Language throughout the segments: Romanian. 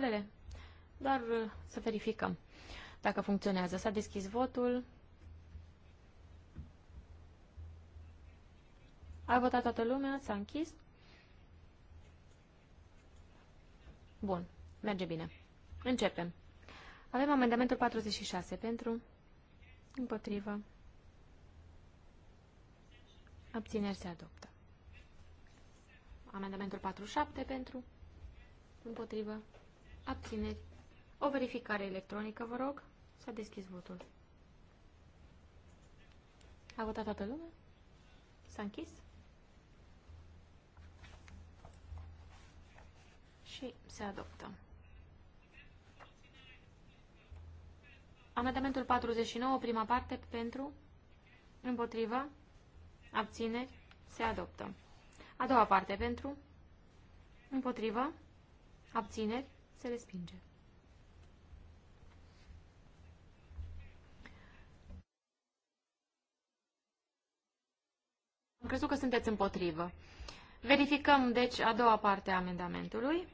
protocoalele? Dar uh, să verificăm dacă funcționează. S-a deschis votul. A votat toată lumea, s-a închis. Bun, merge bine. Începem. Avem amendamentul 46 pentru, împotrivă, abțineri se adoptă. Amendamentul 47 pentru, împotrivă, Abțineri. O verificare electronică, vă rog. S-a deschis votul. A votat toată lumea? S-a închis? Și se adoptă. Amendamentul 49, prima parte, pentru, împotriva, abțineri, se adoptă. A doua parte, pentru, împotriva, abțineri, se respinge. Am crezut că sunteți împotrivă. Verificăm, deci, a doua parte a amendamentului.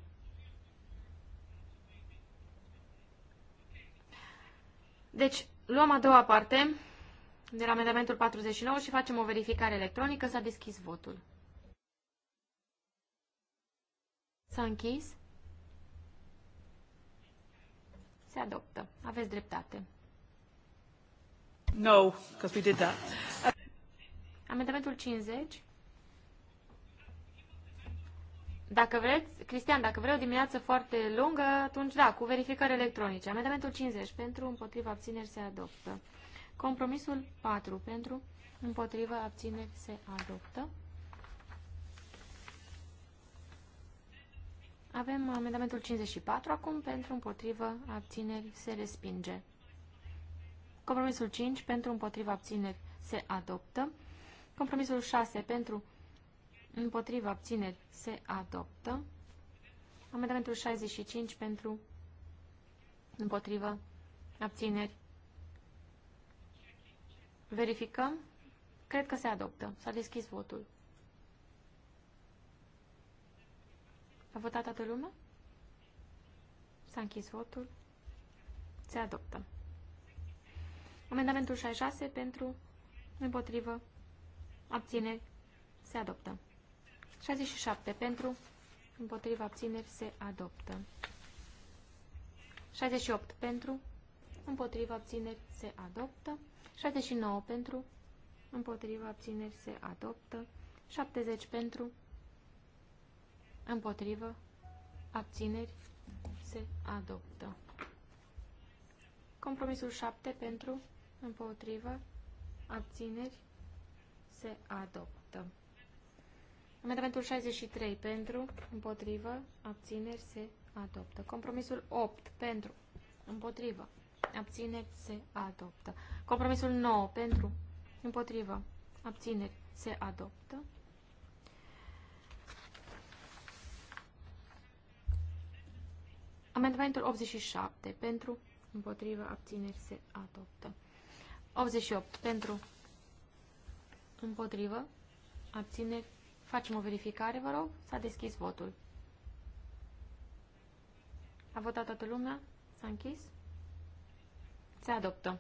Deci, luăm a doua parte de la amendamentul 49 și facem o verificare electronică. S-a deschis votul. S-a închis. Se adoptă. Aveți dreptate. No, because we did that. Amendamentul 50. Dacă vreți, Cristian, dacă vreți o dimineață foarte lungă, atunci da, cu verificări electronice. Amendamentul 50 pentru, împotriva, abțineri se adoptă. Compromisul 4 pentru, împotriva, abțineri se adoptă. Avem amendamentul 54 acum pentru împotrivă abțineri se respinge. Compromisul 5 pentru împotrivă abțineri se adoptă. Compromisul 6 pentru împotrivă abțineri se adoptă. Amendamentul 65 pentru împotrivă abțineri. Verificăm. Cred că se adoptă. S-a deschis votul. A votat toată lumea? S-a închis votul. Se adoptă. Amendamentul 66 pentru, împotrivă, abțineri, se adoptă. 67 pentru, împotriva abțineri, se adoptă. 68 pentru, împotriva abțineri, se adoptă. 69 pentru, împotriva abțineri, se adoptă. 70 pentru, Împotrivă. Abțineri. Se adoptă. Compromisul 7 pentru. Împotrivă. Abțineri. Se adoptă. Amendamentul 63 pentru. Împotrivă. Abțineri. Se adoptă. Compromisul 8 pentru. Împotrivă. Abțineri. Se adoptă. Compromisul 9 pentru. Împotrivă. Abțineri. Se adoptă. Amendamentul 87 pentru, împotriva, abțineri se adoptă. 88 pentru, împotrivă, abțineri. Facem o verificare, vă rog. S-a deschis votul. A votat toată lumea? S-a închis? Se adoptă.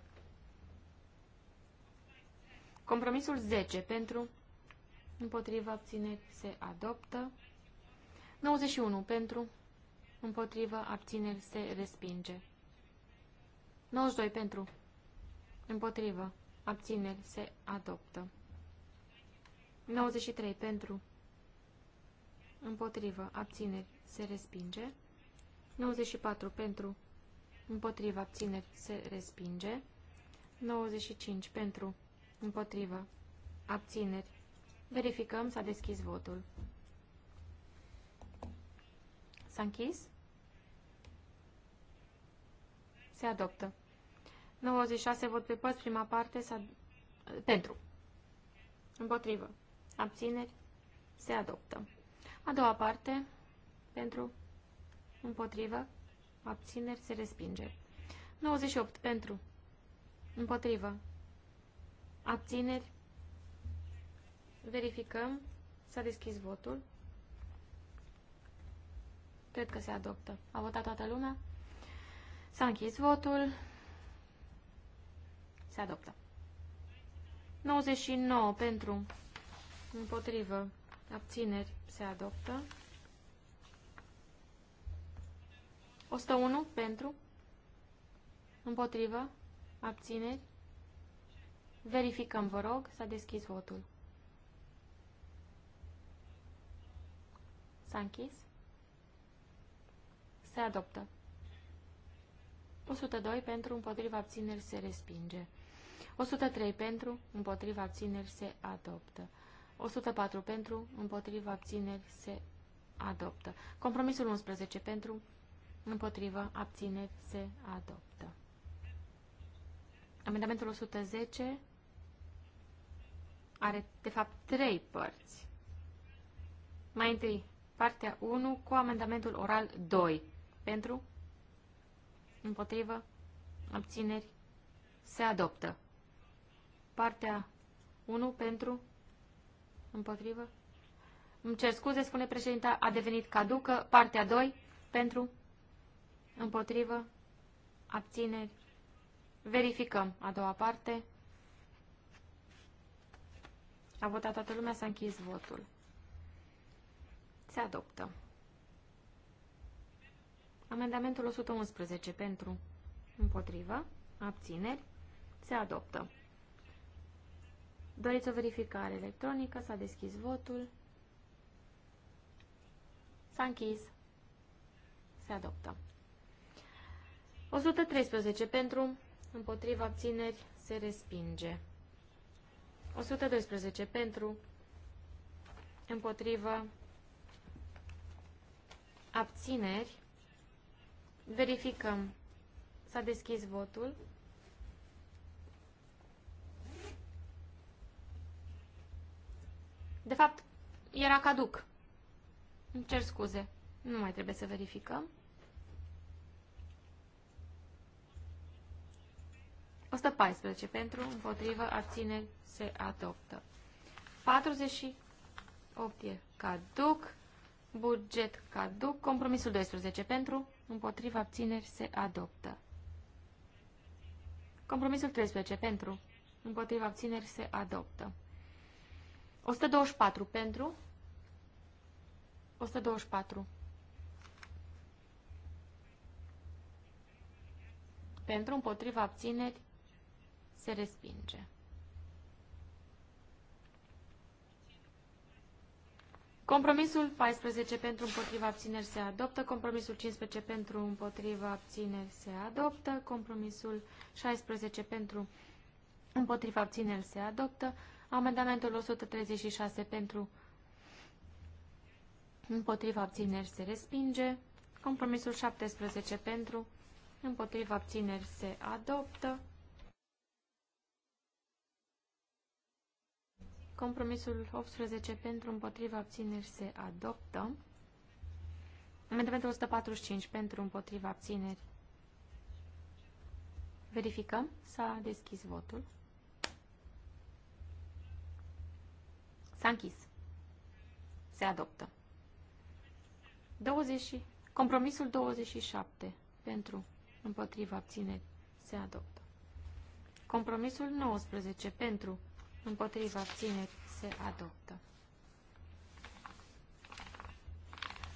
Compromisul 10 pentru, împotriva, abțineri se adoptă. 91 pentru, împotrivă, abțineri, se respinge. 92 pentru, împotrivă, abțineri, se adoptă. 93 pentru, împotrivă, abțineri, se respinge. 94 pentru, împotrivă, abțineri, se respinge. 95 pentru, împotrivă, abțineri. Verificăm, s-a deschis votul. S-a închis? Se adoptă. 96 vot pe părți, prima parte, s pentru. Împotrivă. Abțineri. Se adoptă. A doua parte, pentru. Împotrivă. Abțineri. Se respinge. 98 pentru. Împotrivă. Abțineri. Verificăm. S-a deschis votul. Cred că se adoptă. A votat toată lumea? S-a închis votul. Se adoptă. 99 pentru, împotrivă, abțineri, se adoptă. 101 pentru, împotrivă, abțineri. Verificăm, vă rog, s-a deschis votul. S-a închis. Se adoptă. 102 pentru, împotriva abțineri se respinge. 103 pentru, împotriva abțineri se adoptă. 104 pentru, împotriva abțineri se adoptă. Compromisul 11 pentru, împotriva abțineri se adoptă. Amendamentul 110 are, de fapt, trei părți. Mai întâi, partea 1 cu amendamentul oral 2 pentru, Împotrivă? Abțineri? Se adoptă. Partea 1 pentru? Împotrivă? Îmi cer scuze, spune președinta, a devenit caducă. Partea 2 pentru? Împotrivă? Abțineri? Verificăm a doua parte. A votat toată lumea, s-a închis votul. Se adoptă. Amendamentul 111 pentru, împotrivă, abțineri, se adoptă. Doriți o verificare electronică, s-a deschis votul, s-a închis, se adoptă. 113 pentru, împotriva abțineri, se respinge. 112 pentru, împotriva abțineri, Verificăm. S-a deschis votul. De fapt, era caduc. Îmi cer scuze. Nu mai trebuie să verificăm. 114 pentru, împotrivă, abține, se adoptă. 48 e caduc, buget caduc, compromisul 12 pentru, împotriva abțineri se adoptă. Compromisul 13 pentru, împotriva abțineri se adoptă. 124 pentru, 124 pentru, împotriva abțineri se respinge. Compromisul 14 pentru împotriva abțineri se adoptă, compromisul 15 pentru împotriva abțineri se adoptă, compromisul 16 pentru împotriva abțineri se adoptă, amendamentul 136 pentru împotriva abțineri se respinge, compromisul 17 pentru împotriva abțineri se adoptă, Compromisul 18 pentru împotriva abțineri se adoptă. Amendamentul 145 pentru împotriva abțineri. Verificăm. S-a deschis votul. S-a închis. Se adoptă. 20, compromisul 27 pentru împotriva abțineri se adoptă. Compromisul 19 pentru împotriva abțineri se adoptă.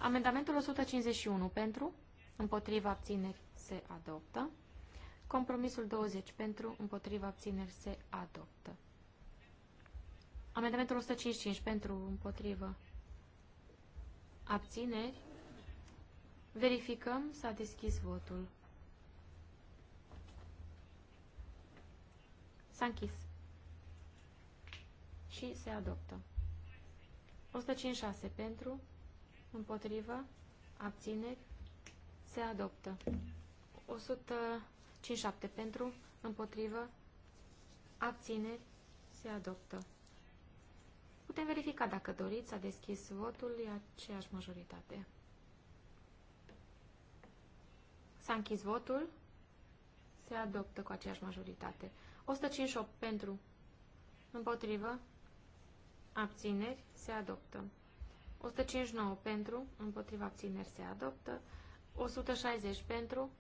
Amendamentul 151 pentru, împotriva abțineri se adoptă. Compromisul 20 pentru, împotriva abțineri se adoptă. Amendamentul 155 pentru, împotriva abțineri. Verificăm, s-a deschis votul. S-a închis și se adoptă. 156 pentru, împotrivă, abțineri, se adoptă. 157 pentru, împotrivă, abțineri, se adoptă. Putem verifica dacă doriți, a deschis votul, e aceeași majoritate. S-a închis votul, se adoptă cu aceeași majoritate. 158 pentru, împotrivă, abțineri, se adoptă. 159 pentru, împotriva abțineri, se adoptă. 160 pentru,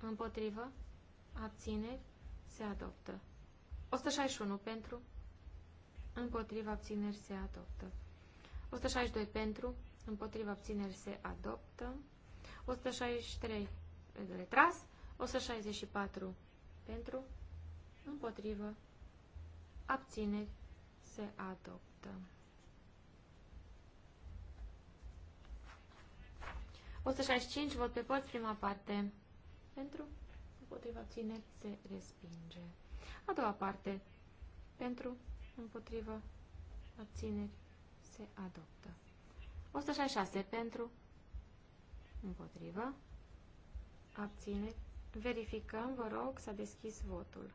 împotriva abțineri, se adoptă. 161 pentru, împotriva abțineri, se adoptă. 162 pentru, împotriva abțineri, se adoptă. 163 retras, 164 pentru, împotriva abțineri, se adoptă. O cinci vot pe părți, prima parte. Pentru, împotriva abțineri, se respinge. A doua parte. Pentru, împotriva abțineri, se adoptă. 166, pentru, împotriva, abțineri. Verificăm, vă rog, s-a deschis votul.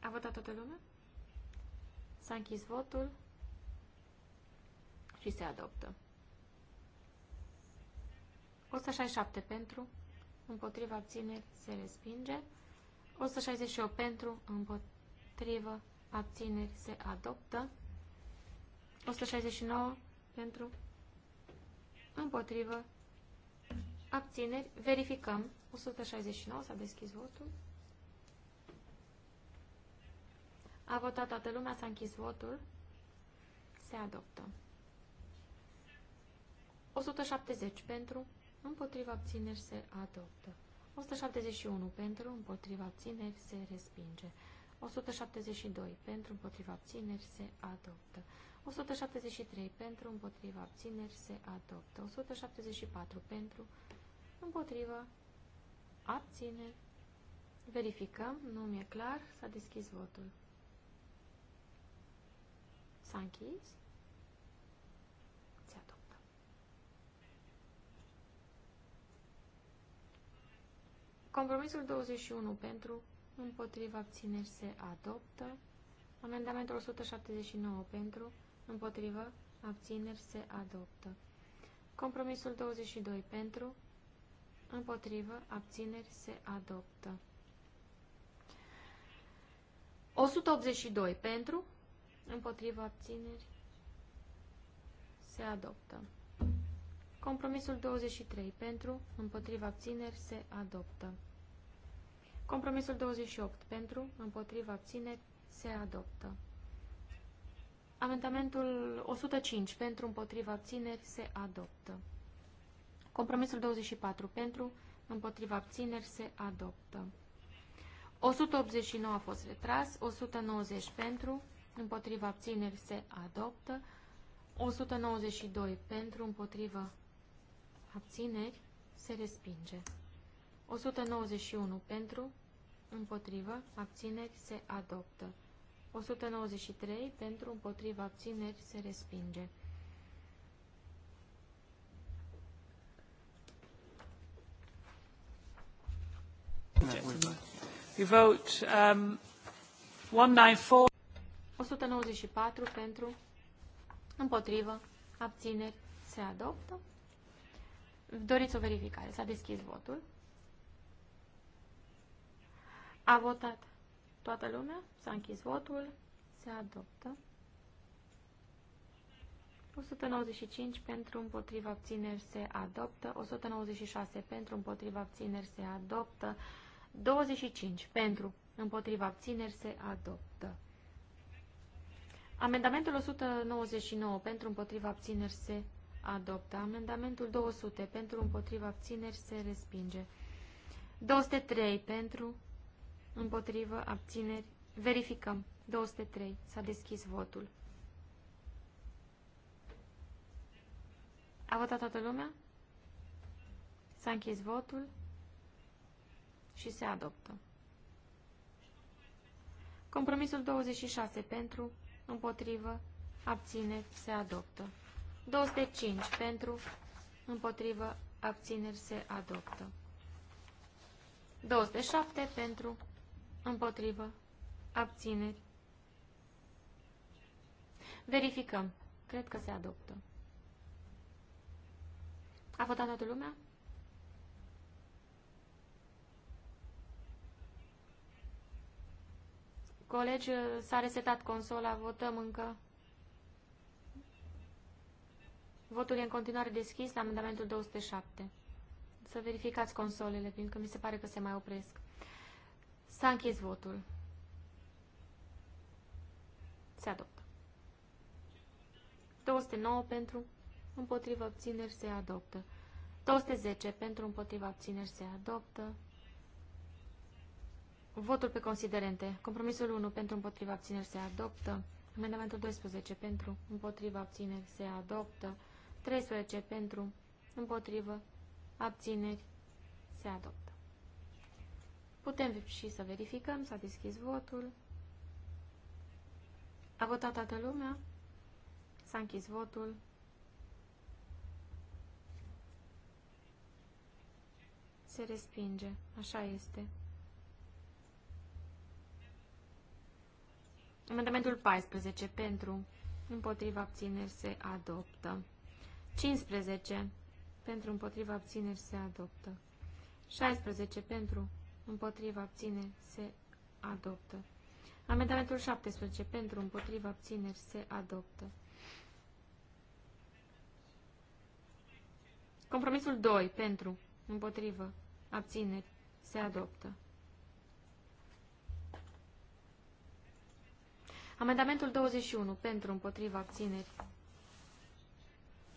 A votat toată lumea? S-a închis votul și se adoptă. 167 pentru, împotriva abțineri, se respinge. 168 pentru, împotriva abțineri, se adoptă. 169 pentru, împotriva abțineri, verificăm. 169 s-a deschis votul. A votat toată lumea, s-a închis votul. Se adoptă. 170 pentru, împotriva abțineri se adoptă. 171 pentru, împotriva abțineri se respinge. 172 pentru, împotriva abțineri se adoptă. 173 pentru, împotriva abțineri se adoptă. 174 pentru, împotriva abțineri. Verificăm, nu mi-e clar, s-a deschis votul. S-a închis. Se adoptă. Compromisul 21 pentru, împotriva abțineri se adoptă. Amendamentul 179 pentru, împotriva abțineri se adoptă. Compromisul 22 pentru, împotrivă, abțineri se adoptă. 182 pentru, împotriva abțineri, se adoptă. Compromisul 23 pentru, împotriva abțineri, se adoptă. Compromisul 28 pentru, împotriva abțineri, se adoptă. Amendamentul 105 pentru, împotriva abțineri, se adoptă. Compromisul 24 pentru, împotriva abțineri, se adoptă. 189 a fost retras, 190 pentru, împotriva abțineri se adoptă, 192 pentru, împotriva abțineri se respinge, 191 pentru, împotriva abțineri se adoptă, 193 pentru, împotriva abțineri se respinge. We vote um, 194. 194 pentru, împotrivă, abțineri, se adoptă. Doriți o verificare. S-a deschis votul. A votat toată lumea. S-a închis votul. Se adoptă. 195 pentru împotriva abțineri se adoptă. 196 pentru împotriva abțineri se adoptă. 25 pentru împotriva abțineri se adoptă. Amendamentul 199 pentru împotriva abțineri se adoptă. Amendamentul 200 pentru împotriva abțineri se respinge. 203 pentru împotriva abțineri. Verificăm. 203. S-a deschis votul. A votat toată lumea? S-a închis votul și se adoptă. Compromisul 26 pentru împotrivă, abțineri, se adoptă. 205 pentru, împotrivă, abțineri, se adoptă. 207 pentru, împotrivă, abțineri. Verificăm. Cred că se adoptă. A votat toată lumea? Colegi, s-a resetat consola, votăm încă. Votul e în continuare deschis la amendamentul 207. Să verificați consolele, pentru că mi se pare că se mai opresc. S-a închis votul. Se adoptă. 209 pentru, împotriva obțineri, se adoptă. 210 pentru, împotriva obțineri, se adoptă. Votul pe considerente. Compromisul 1 pentru împotriva abțineri se adoptă. Amendamentul 12 pentru împotriva abțineri se adoptă. 13 pentru împotriva abțineri se adoptă. Putem și să verificăm. S-a deschis votul. A votat toată lumea. S-a închis votul. Se respinge. Așa este. Amendamentul 14 pentru, împotriva abțineri se adoptă. 15 pentru, împotriva abțineri se adoptă. 16 pentru, împotriva abțineri se adoptă. Amendamentul 17 pentru, împotriva abțineri se adoptă. Compromisul 2 pentru, împotriva abțineri se adoptă. Amendamentul 21. Pentru, împotriva, abțineri.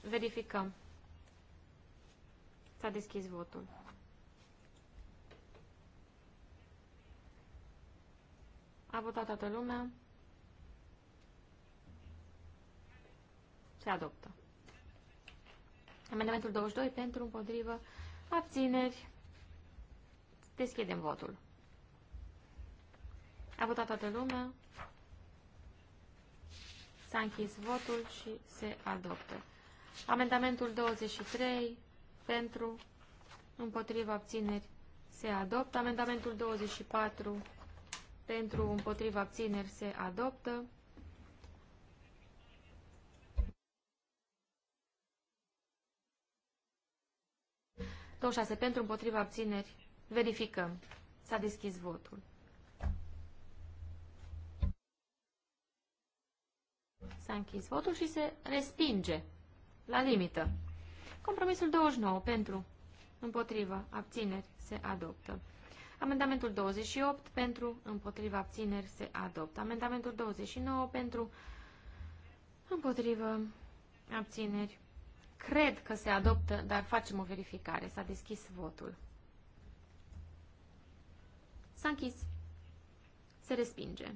Verificăm. S-a deschis votul. A votat toată lumea. Se adoptă. Amendamentul 22 pentru, împotrivă, abțineri. Deschidem votul. A votat toată lumea. S-a închis votul și se adoptă. Amendamentul 23 pentru, împotriva abțineri, se adoptă. Amendamentul 24 pentru, împotriva abțineri, se adoptă. pentru, împotriva abțineri, verificăm. S-a deschis votul. S-a închis votul și se respinge la limită. Compromisul 29 pentru, împotrivă, abțineri, se adoptă. Amendamentul 28 pentru, împotrivă, abțineri, se adoptă. Amendamentul 29 pentru, împotrivă, abțineri. Cred că se adoptă, dar facem o verificare. S-a deschis votul. S-a închis. Se respinge.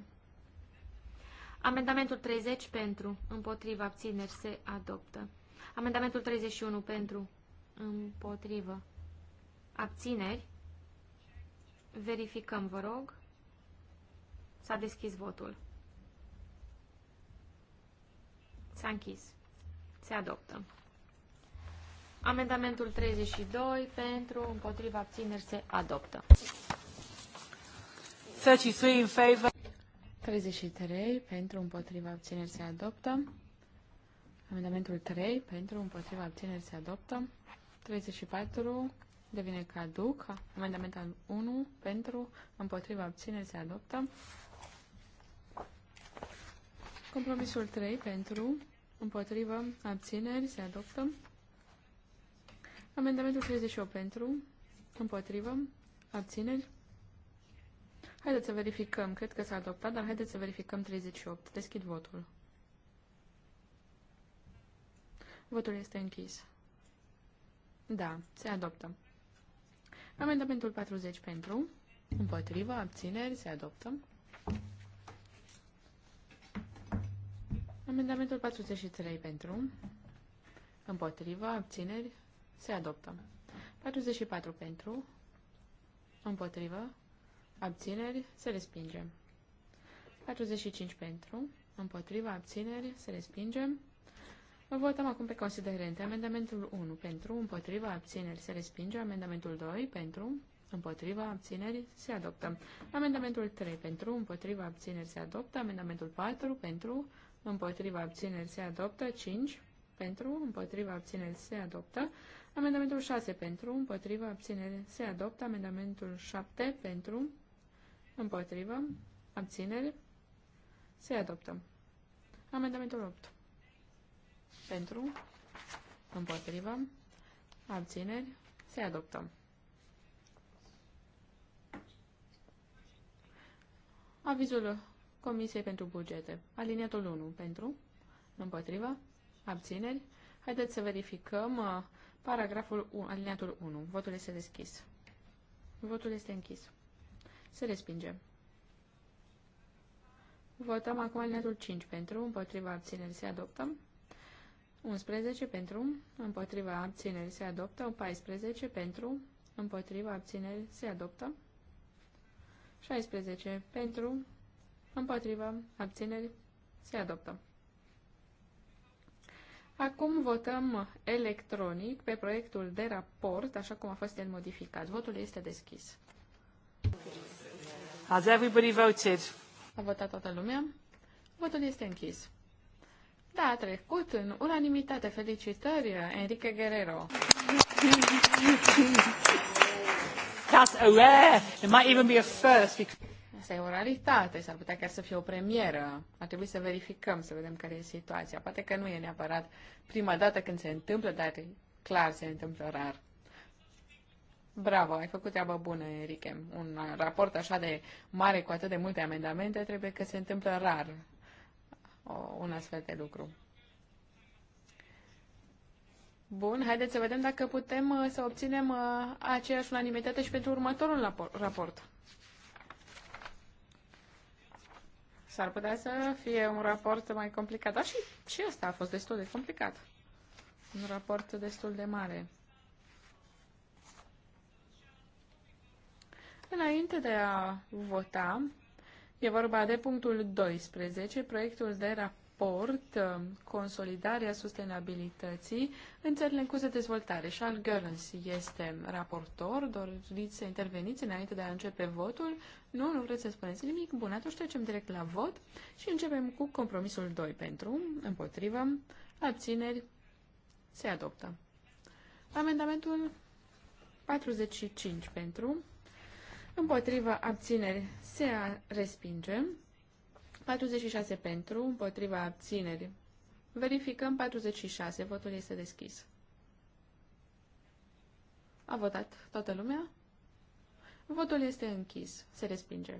Amendamentul 30 pentru, împotriva, abțineri, se adoptă. Amendamentul 31 pentru, împotrivă, abțineri. Verificăm, vă rog. S-a deschis votul. S-a închis. Se adoptă. Amendamentul 32 pentru, împotriva, abțineri, se adoptă. 33 in favor. 33 pentru împotriva abțineri se adoptă. Amendamentul 3 pentru împotriva abțineri se adoptă. 34 devine caduc. Amendamentul 1 pentru împotriva abțineri se adoptă. Compromisul 3 pentru împotriva abțineri se adoptă. Amendamentul 38 pentru împotriva abțineri Haideți să verificăm. Cred că s-a adoptat, dar haideți să verificăm 38. Deschid votul. Votul este închis. Da, se adoptă. Amendamentul 40 pentru. Împotrivă, abțineri, se adoptă. Amendamentul 43 pentru. Împotrivă, abțineri, se adoptă. 44 pentru. Împotrivă, abțineri, se respinge. 45 pentru, împotriva, abțineri, se respinge. Votăm acum pe considerente. Amendamentul 1 pentru, împotriva, abțineri, se respinge. Amendamentul 2 pentru, împotriva, abțineri, se adoptă. Amendamentul 3 pentru, împotriva, abțineri, se adoptă. Amendamentul 4 pentru, împotriva, abțineri, se adoptă. 5 pentru, împotriva, abțineri, se adoptă. Amendamentul 6 pentru, împotriva, abțineri, se adoptă. Amendamentul 7 pentru, Împotrivă. Abțineri. Se adoptă. Amendamentul 8. Pentru. Împotrivă. Abțineri. Se adoptă. Avizul Comisiei pentru Bugete. Aliniatul 1. Pentru. Împotrivă. Abțineri. Haideți să verificăm uh, paragraful 1, aliniatul 1. Votul este deschis. Votul este închis. Se respinge. Votăm acum alineatul 5 pentru, împotriva abțineri se adoptă. 11 pentru, împotriva abțineri se adoptă. 14 pentru, împotriva abțineri se adoptă. 16 pentru, împotriva abțineri se adoptă. Acum votăm electronic pe proiectul de raport, așa cum a fost el modificat. Votul este deschis. Has everybody voted? A votat toată lumea. Votul este închis. Da, a trecut în unanimitate. Felicitări, Enrique Guerrero. That's a rare. It might even be a first. Asta e o raritate, s-ar putea chiar să fie o premieră. Ar trebui să verificăm, să vedem care e situația. Poate că nu e neapărat prima dată când se întâmplă, dar clar se întâmplă rar. Bravo, ai făcut treabă bună, Enrique. Un raport așa de mare cu atât de multe amendamente trebuie că se întâmplă rar o, un astfel de lucru. Bun, haideți să vedem dacă putem uh, să obținem uh, aceeași unanimitate și pentru următorul raport. S-ar putea să fie un raport mai complicat, dar și, și asta a fost destul de complicat. Un raport destul de mare. Înainte de a vota, e vorba de punctul 12, proiectul de raport uh, Consolidarea sustenabilității în țările în curs de dezvoltare. Charles Görens este raportor. Doriți să interveniți înainte de a începe votul? Nu, nu vreți să spuneți nimic? Bun, atunci trecem direct la vot și începem cu compromisul 2 pentru, împotrivă, abțineri, se adoptă. Amendamentul 45 pentru, împotriva abțineri se respinge, 46 pentru, împotriva abțineri. Verificăm 46, votul este deschis. A votat toată lumea? Votul este închis, se respinge.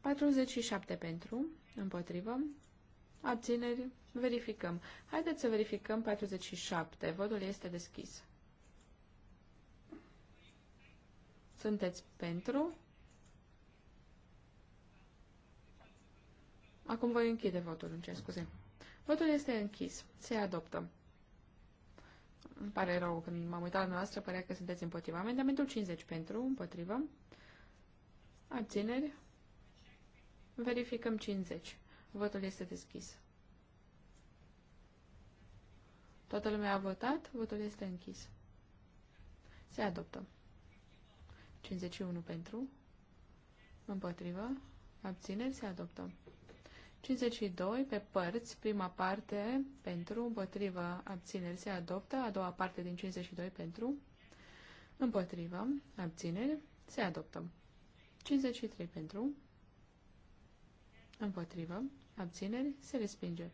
47 pentru, împotrivă, abțineri, verificăm. Haideți să verificăm 47, votul este deschis. Sunteți pentru? Acum voi închide votul, în ce scuze. Votul este închis. Se adoptă. Îmi pare rău, când m-am uitat la noastră, părea că sunteți împotriva. Amendamentul 50 pentru, împotrivă. Abțineri. Verificăm 50. Votul este deschis. Toată lumea a votat, votul este închis. Se adoptă. 51 pentru, împotrivă, abțineri, se adoptă. 52 pe părți, prima parte pentru, împotrivă, abțineri, se adoptă, a doua parte din 52 pentru, împotrivă, abțineri, se adoptă. 53 pentru, împotrivă, abțineri, se respinge.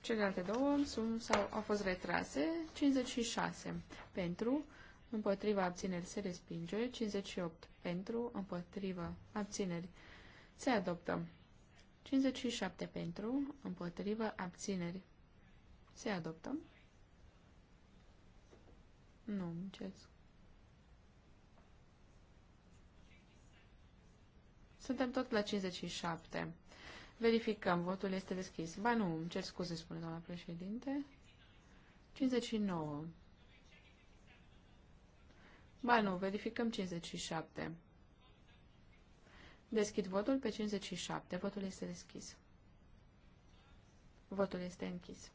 Celelalte două sunt, sau, au fost retrase. 56 pentru, împotriva abțineri se respinge, 58 pentru, împotriva abțineri se adoptă, 57 pentru, împotriva abțineri se adoptă. Nu, încerc. Suntem tot la 57. Verificăm, votul este deschis. Ba nu, îmi cer scuze, spune doamna președinte. 59. Ba nu, verificăm 57. Deschid votul pe 57. Votul este deschis. Votul este închis.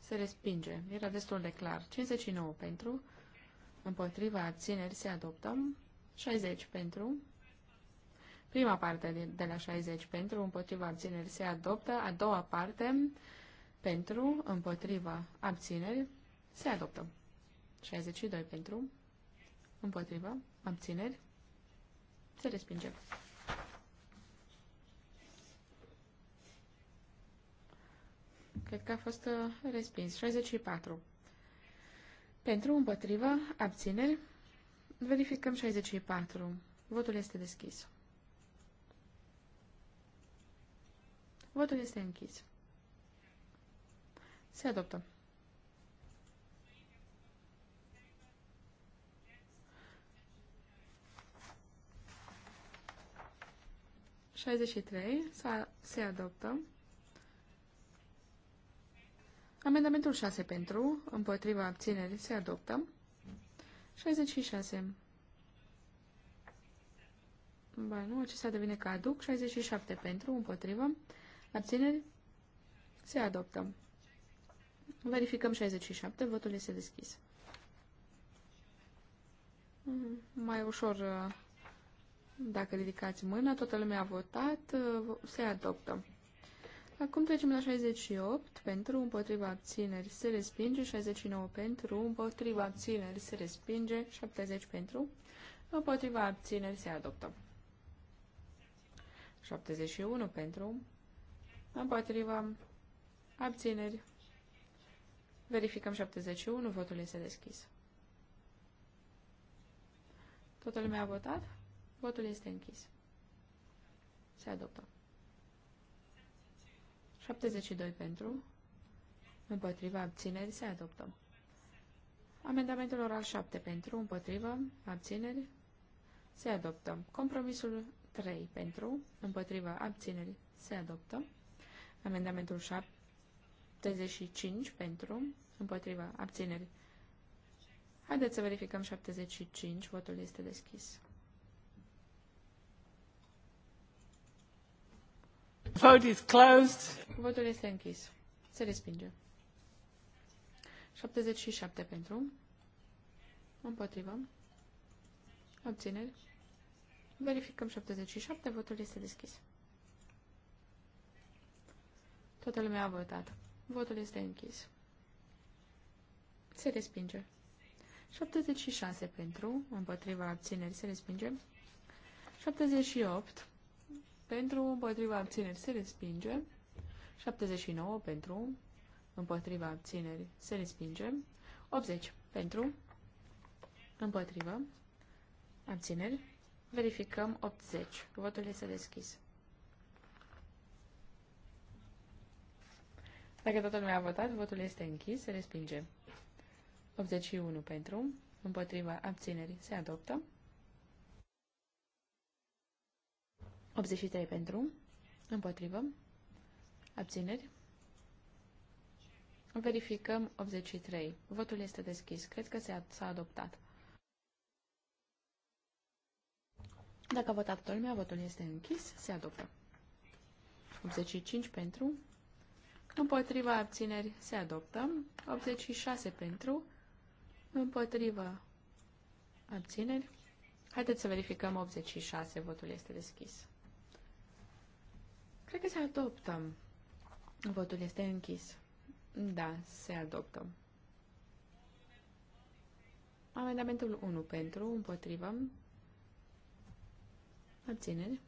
Se respinge. Era destul de clar. 59 pentru. Împotriva abțineri se adoptă. 60 pentru. Prima parte de la 60 pentru. Împotriva abțineri se adoptă. A doua parte pentru. Împotriva abțineri se adoptă. 62 pentru, împotrivă, abțineri, se respinge. Cred că a fost uh, respins. 64. Pentru, împotrivă, abțineri, verificăm 64. Votul este deschis. Votul este închis. Se adoptă. 63 se adoptă. Amendamentul 6 pentru, împotriva abținerii, se adoptă. 66. Ba nu, acesta devine caduc. 67 pentru, împotriva Abțineri se adoptă. Verificăm 67, votul este deschis. Mm, mai ușor uh, dacă ridicați mâna, toată lumea a votat, uh, se adoptă. Acum trecem la 68, pentru, împotriva, abțineri, se respinge, 69 pentru, împotriva, abțineri, se respinge, 70 pentru, împotriva, abțineri, se adoptă. 71 pentru, împotriva, abțineri. Verificăm 71, votul este deschis. Toată lumea a votat? Votul este închis. Se adoptă. 72 pentru. Împotriva abțineri se adoptă. Amendamentul oral 7 pentru. Împotriva abțineri se adoptă. Compromisul 3 pentru. Împotriva abțineri se adoptă. Amendamentul 75 pentru. Împotriva abțineri. Haideți să verificăm 75. Votul este deschis. Votul este închis. Se respinge. 77 pentru. Împotrivă. Obțineri. Verificăm 77. Votul este deschis. Toată lumea a votat. Votul este închis. Se respinge. 76 pentru, împotriva abțineri se respinge. 78 pentru, împotriva abțineri se respinge. 79 pentru, împotriva abțineri se respinge. 80 pentru, împotriva abțineri. Verificăm 80. Votul este deschis. Dacă toată lumea a votat, votul este închis, se respinge. 81 pentru, împotriva abținerii se adoptă. 83 pentru, împotrivă, abțineri. Verificăm 83. Votul este deschis. Cred că s-a adoptat. Dacă a votat toată lumea, votul este închis, se adoptă. 85 pentru, împotriva abțineri, se adoptă. 86 pentru, împotriva abțineri. Haideți să verificăm 86, votul este deschis. Cred că se adoptă. Votul este închis. Da, se adoptă. Amendamentul 1 pentru, împotrivă, abțineri.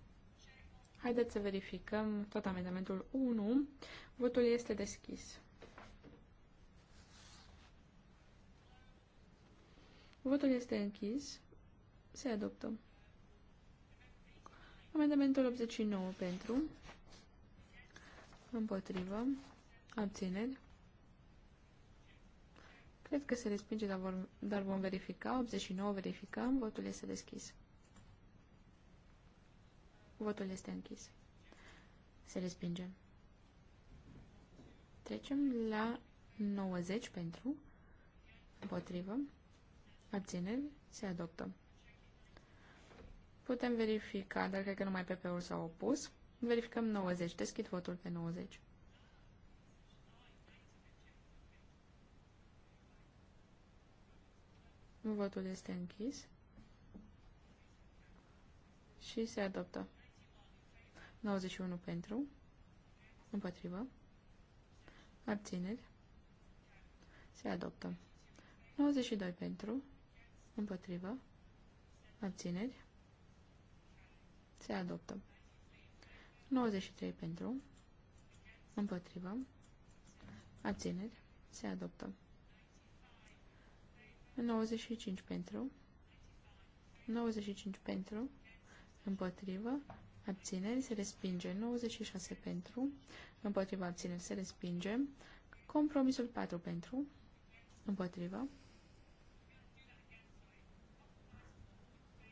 Haideți să verificăm tot amendamentul 1. Votul este deschis. Votul este închis. Se adoptă. Amendamentul 89 pentru, împotrivă, abțineri. Cred că se respinge, dar vom, dar vom verifica. 89 verificăm, votul este deschis. Votul este închis. Se respinge. Trecem la 90 pentru, împotrivă, abțineri, se adoptă. Putem verifica, dar cred că numai PP-ul s-a opus. Verificăm 90. Deschid votul pe 90. Votul este închis. Și se adoptă. 91 pentru. Împotrivă. Abțineri. Se adoptă. 92 pentru. Împotrivă. Abțineri. Se adoptă. 93 pentru, împotrivă, abțineri, se adoptă. 95 pentru, 95 pentru, împotrivă, abțineri, se respinge. 96 pentru, împotrivă, abțineri, se respinge. Compromisul 4 pentru, împotrivă.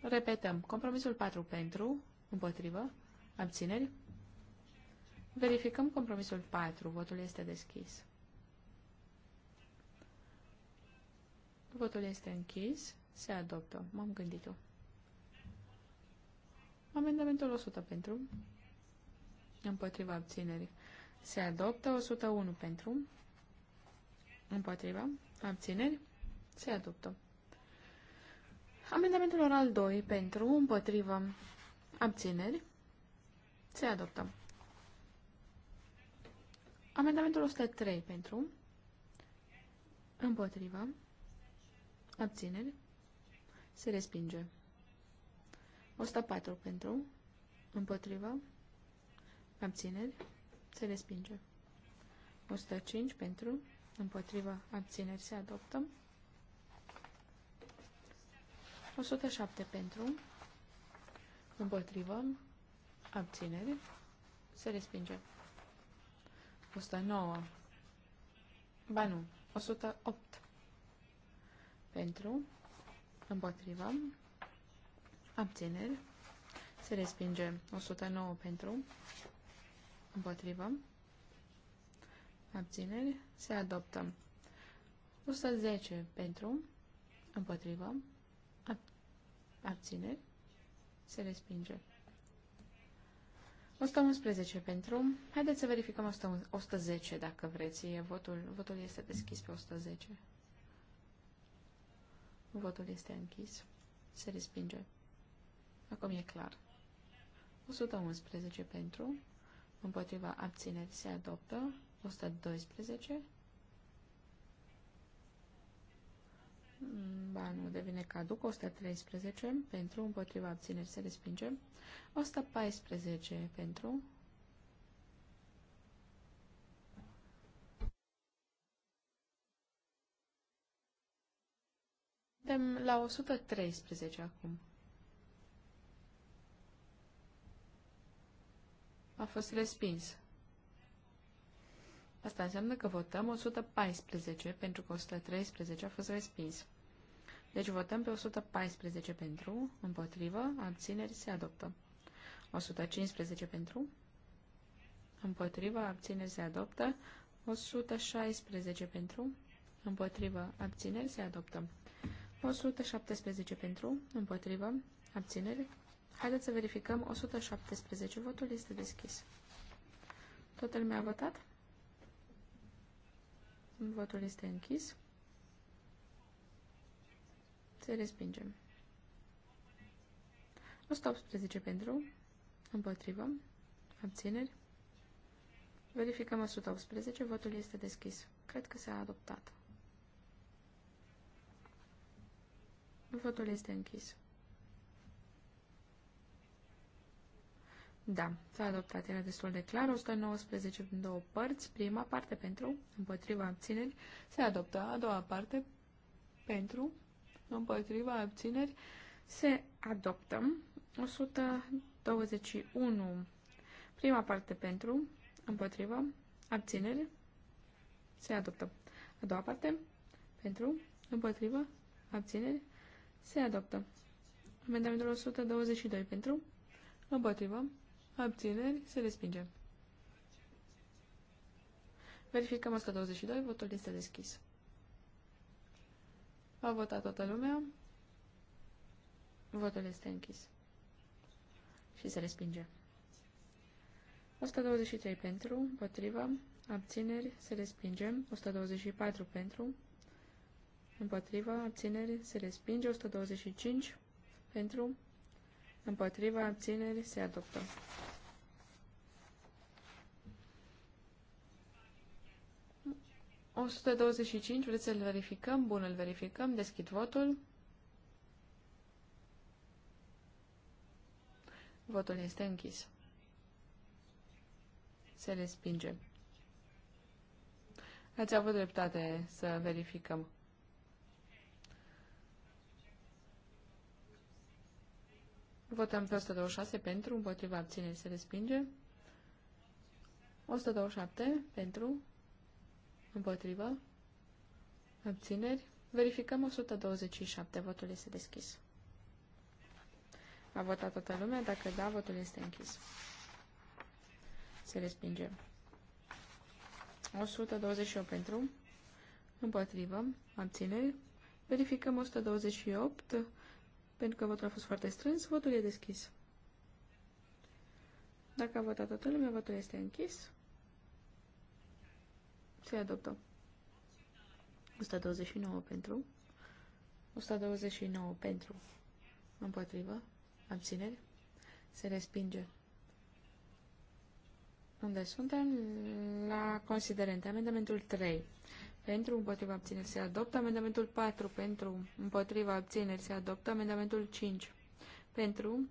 Repetăm. Compromisul 4 pentru, împotrivă, abțineri, Verificăm compromisul 4. Votul este deschis. Votul este închis. Se adoptă. M-am gândit-o. Amendamentul 100 pentru. Împotriva abținerii. Se adoptă 101 pentru. Împotriva. Abțineri. Se adoptă. Amendamentul oral 2 pentru. Împotriva. Abțineri. Se adoptă. Amendamentul 103 pentru, împotrivă, abțineri, se respinge. 104 pentru, împotrivă, abțineri, se respinge. 105 pentru, împotrivă, abțineri, se adoptă. 107 pentru, împotrivă, abțineri, se respinge. 109. Ba nu, 108. Pentru, împotriva, abțineri, se respinge 109 pentru, împotriva, abțineri, se adoptă 110 pentru, împotriva, abțineri, se respinge 111 pentru. Haideți să verificăm 110 dacă vreți. E votul, votul este deschis pe 110. Votul este închis. Se respinge. Acum e clar. 111 pentru. Împotriva abțineri se adoptă. 112 Mm, Banul devine caduc. 113 pentru, împotriva abțineri se respinge. 114 pentru. Suntem la 113 acum. A fost respins. Asta înseamnă că votăm 114, pentru că 113 a fost respins. Deci votăm pe 114 pentru, împotrivă, abțineri, se adoptă. 115 pentru, împotrivă, abțineri, se adoptă. 116 pentru, împotrivă, abțineri, se adoptă. 117 pentru, împotrivă, abțineri. Haideți să verificăm 117. Votul este deschis. Toată lumea a votat? Votul este închis. Se respinge. 118 pentru, împotrivă, abțineri. Verificăm 118, votul este deschis. Cred că s-a adoptat. Votul este închis. Da, s-a adoptat, era destul de clar, 119 în două părți, prima parte pentru, împotriva abțineri, se adoptă, a doua parte pentru, împotriva abțineri se adoptă. 121. Prima parte pentru, împotriva, abțineri se adoptă. A doua parte pentru, împotriva, abțineri se adoptă. Amendamentul 122 pentru, împotriva, abțineri se respinge. Verificăm 122, votul este deschis. A votat toată lumea. Votul este închis. Și se respinge. 123 pentru, împotriva, abțineri, se respinge. 124 pentru, împotriva, abțineri, se respinge. 125 pentru, împotriva, abțineri, se adoptă. 125, vreți să-l verificăm? Bun, îl verificăm, deschid votul. Votul este închis. Se respinge. Ați avut dreptate să verificăm. Votăm pe 126 pentru, împotriva abțineri se respinge. 127 pentru, Împotrivă. Abțineri. Verificăm 127. Votul este deschis. A votat toată lumea? Dacă da, votul este închis. Se respinge. 128 pentru. Împotrivă. Abțineri. Verificăm 128. Pentru că votul a fost foarte strâns, votul e deschis. Dacă a votat toată lumea, votul este închis. Se adoptă. 129 pentru. 129 pentru. Împotrivă. Abțineri. Se respinge. Unde suntem? La considerente. Amendamentul 3. Pentru, împotriva, abțineri se adoptă. Amendamentul 4. Pentru, împotriva, abțineri se adoptă. Amendamentul 5. Pentru,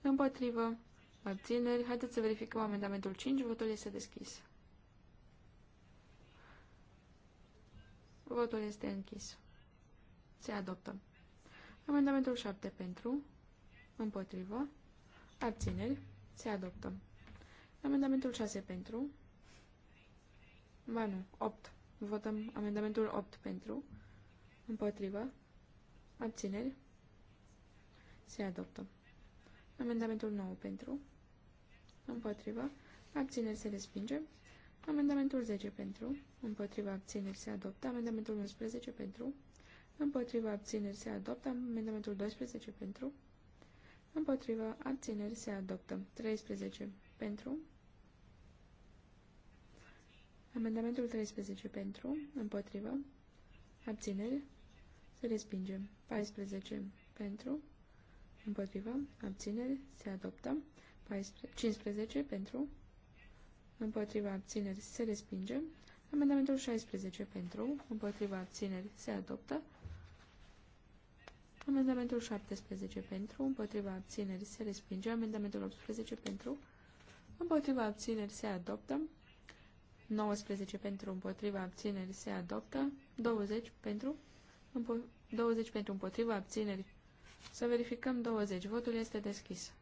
împotriva, abțineri. Haideți să verificăm amendamentul 5. Votul este deschis. Votul este închis. Se adoptă. Amendamentul 7 pentru, împotrivă, abțineri, se adoptă. Amendamentul 6 pentru, ba nu, 8. Votăm amendamentul 8 pentru, împotrivă, abțineri, se adoptă. Amendamentul 9 pentru, împotrivă, abțineri se respinge. Amendamentul 10 pentru, împotriva abțineri se adoptă. Amendamentul 11 pentru, împotriva abțineri se adoptă. Amendamentul 12 pentru, împotriva abțineri se adoptă. 13 pentru, amendamentul 13 pentru, împotriva abțineri se respinge. 14 pentru, împotriva abțineri se adoptă. 15 pentru, împotriva abțineri se respinge. Amendamentul 16 pentru, împotriva abțineri se adoptă. Amendamentul 17 pentru, împotriva abțineri se respinge. Amendamentul 18 pentru, împotriva abțineri se adoptă. 19 pentru, împotriva abțineri se adoptă. 20 pentru, 20 pentru împotriva abțineri. Să verificăm 20. Votul este deschis.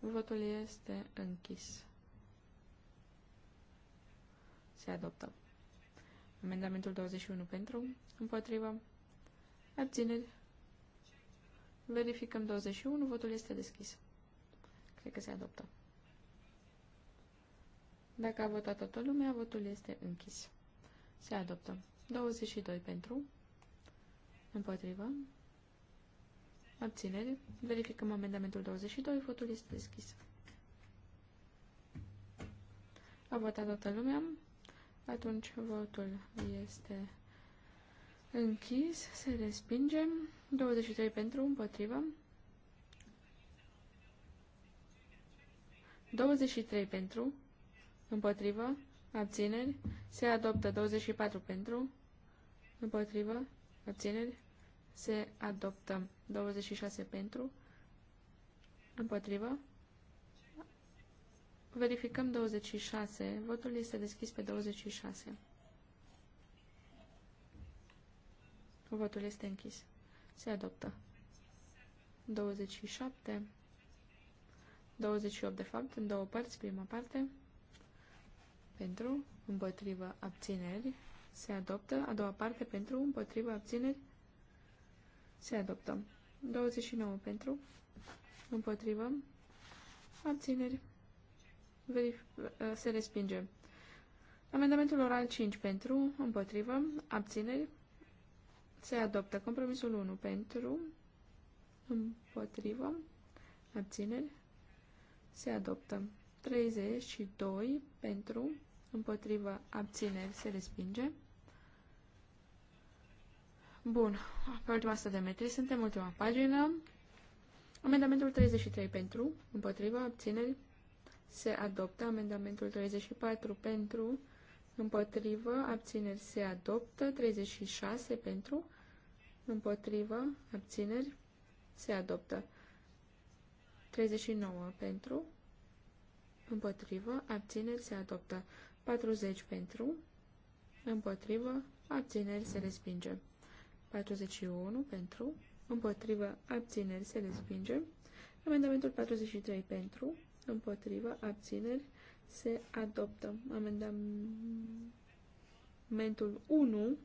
Votul este închis. Se adoptă. Amendamentul 21 pentru, împotrivă, abțineri. Verificăm 21, votul este deschis. Cred că se adoptă. Dacă a votat toată lumea, votul este închis. Se adoptă. 22 pentru, împotrivă, Abțineri. Verificăm amendamentul 22. Votul este deschis. A votat toată lumea. Atunci votul este închis. Se respinge. 23 pentru, împotrivă. 23 pentru, împotrivă, abțineri, se adoptă 24 pentru, împotrivă, abțineri, se adoptă. 26 pentru, împotrivă. Verificăm 26. Votul este deschis pe 26. Votul este închis. Se adoptă. 27. 28, de fapt, în două părți, prima parte. Pentru, împotrivă, abțineri. Se adoptă. A doua parte, pentru, împotrivă, abțineri. Se adoptă. 29 pentru. Împotrivă. Abțineri. Verif- eh, se respinge. Amendamentul oral 5 pentru. Împotrivă. Abțineri. Se adoptă. Compromisul 1 pentru. Împotrivă. Abțineri. Se adoptă. 32 pentru. Împotrivă. Abțineri. Se respinge. Bun, pe ultima 100 de metri suntem ultima pagină. Amendamentul 33 pentru, împotriva, abțineri, se adoptă. Amendamentul 34 pentru, împotrivă, abțineri, se adoptă. 36 pentru, împotrivă, abțineri, se adoptă. 39 pentru, împotrivă, abțineri, se adoptă. 40 pentru, împotrivă, abțineri, se respinge. 41 pentru, împotrivă, abțineri, se respinge. Amendamentul 43 pentru, împotrivă, abțineri, se adoptă. Amendamentul 1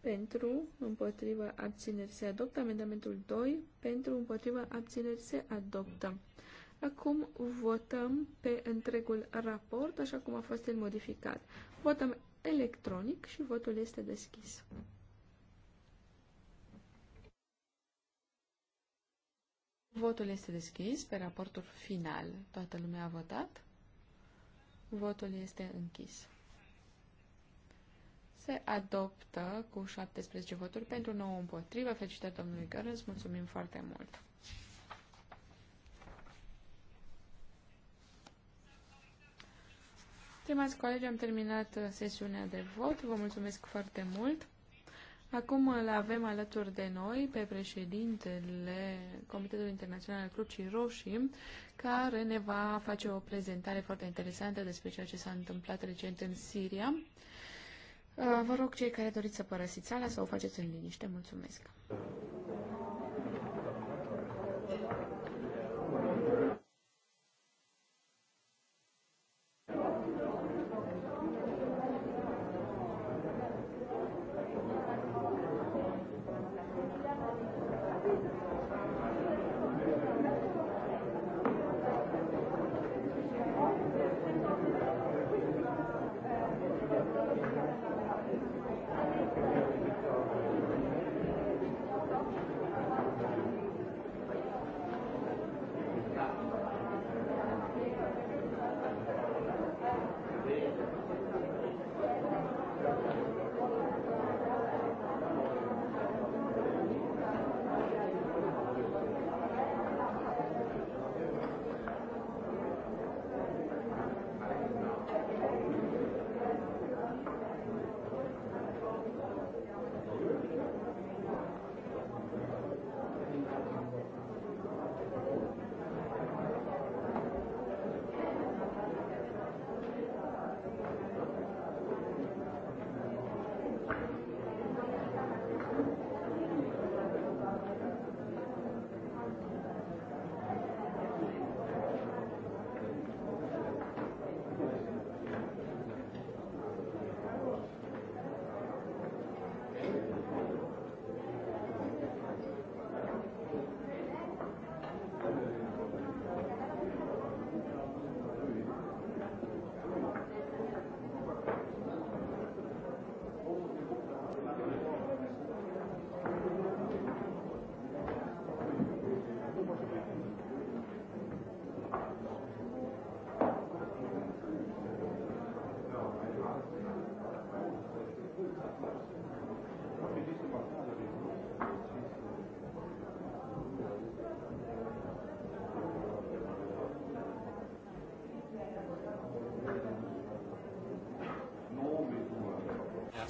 pentru, împotrivă, abțineri, se adoptă. Amendamentul 2 pentru, împotrivă, abțineri, se adoptă. Acum votăm pe întregul raport, așa cum a fost el modificat. Votăm electronic și votul este deschis. Votul este deschis pe raportul final. Toată lumea a votat. Votul este închis. Se adoptă cu 17 voturi pentru 9 împotrivă. Felicitări domnului Gărâns, mulțumim foarte mult! Stimați colegi, am terminat sesiunea de vot. Vă mulțumesc foarte mult! Acum îl avem alături de noi pe președintele Comitetului Internațional al Crucii Roșii, care ne va face o prezentare foarte interesantă despre ceea ce s-a întâmplat recent în Siria. Uh, vă rog, cei care doriți să părăsiți sala, să o faceți în liniște. Mulțumesc!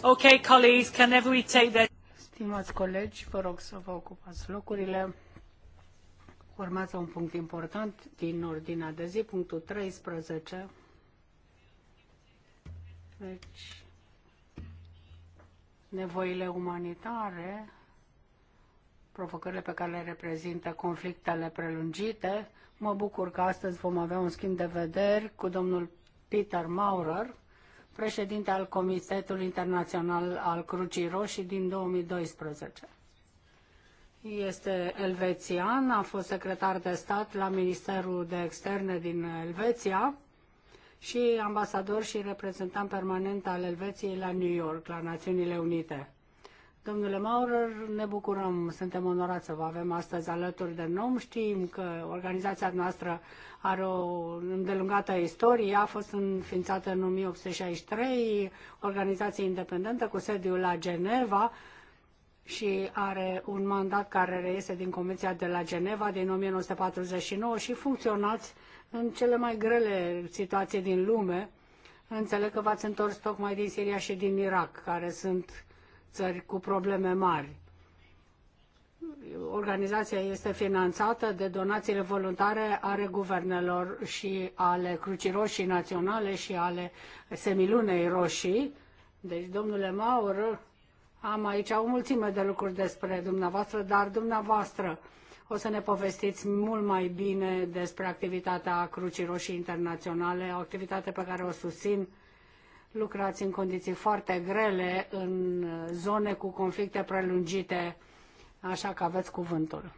Okay, colleagues, can everybody take Stimați colegi, vă rog să vă ocupați locurile. Urmează un punct important din ordinea de zi, punctul 13. Deci, nevoile umanitare, provocările pe care le reprezintă conflictele prelungite. Mă bucur că astăzi vom avea un schimb de vederi cu domnul Peter Maurer, președinte al Comitetului Internațional al Crucii Roșii din 2012. Este elvețian, a fost secretar de stat la Ministerul de Externe din Elveția și ambasador și reprezentant permanent al Elveției la New York, la Națiunile Unite. Domnule Maurer, ne bucurăm, suntem onorați să vă avem astăzi alături de noi. Știm că organizația noastră are o îndelungată istorie, a fost înființată în 1863, organizație independentă cu sediul la Geneva și are un mandat care reiese din Convenția de la Geneva din 1949 și funcționați în cele mai grele situații din lume. Înțeleg că v-ați întors tocmai din Siria și din Irak, care sunt țări cu probleme mari. Organizația este finanțată de donațiile voluntare ale guvernelor și ale Crucii Roșii Naționale și ale Semilunei Roșii. Deci, domnule Maur, am aici o mulțime de lucruri despre dumneavoastră, dar dumneavoastră o să ne povestiți mult mai bine despre activitatea Crucii Roșii Internaționale, o activitate pe care o susțin lucrați în condiții foarte grele, în zone cu conflicte prelungite, așa că aveți cuvântul.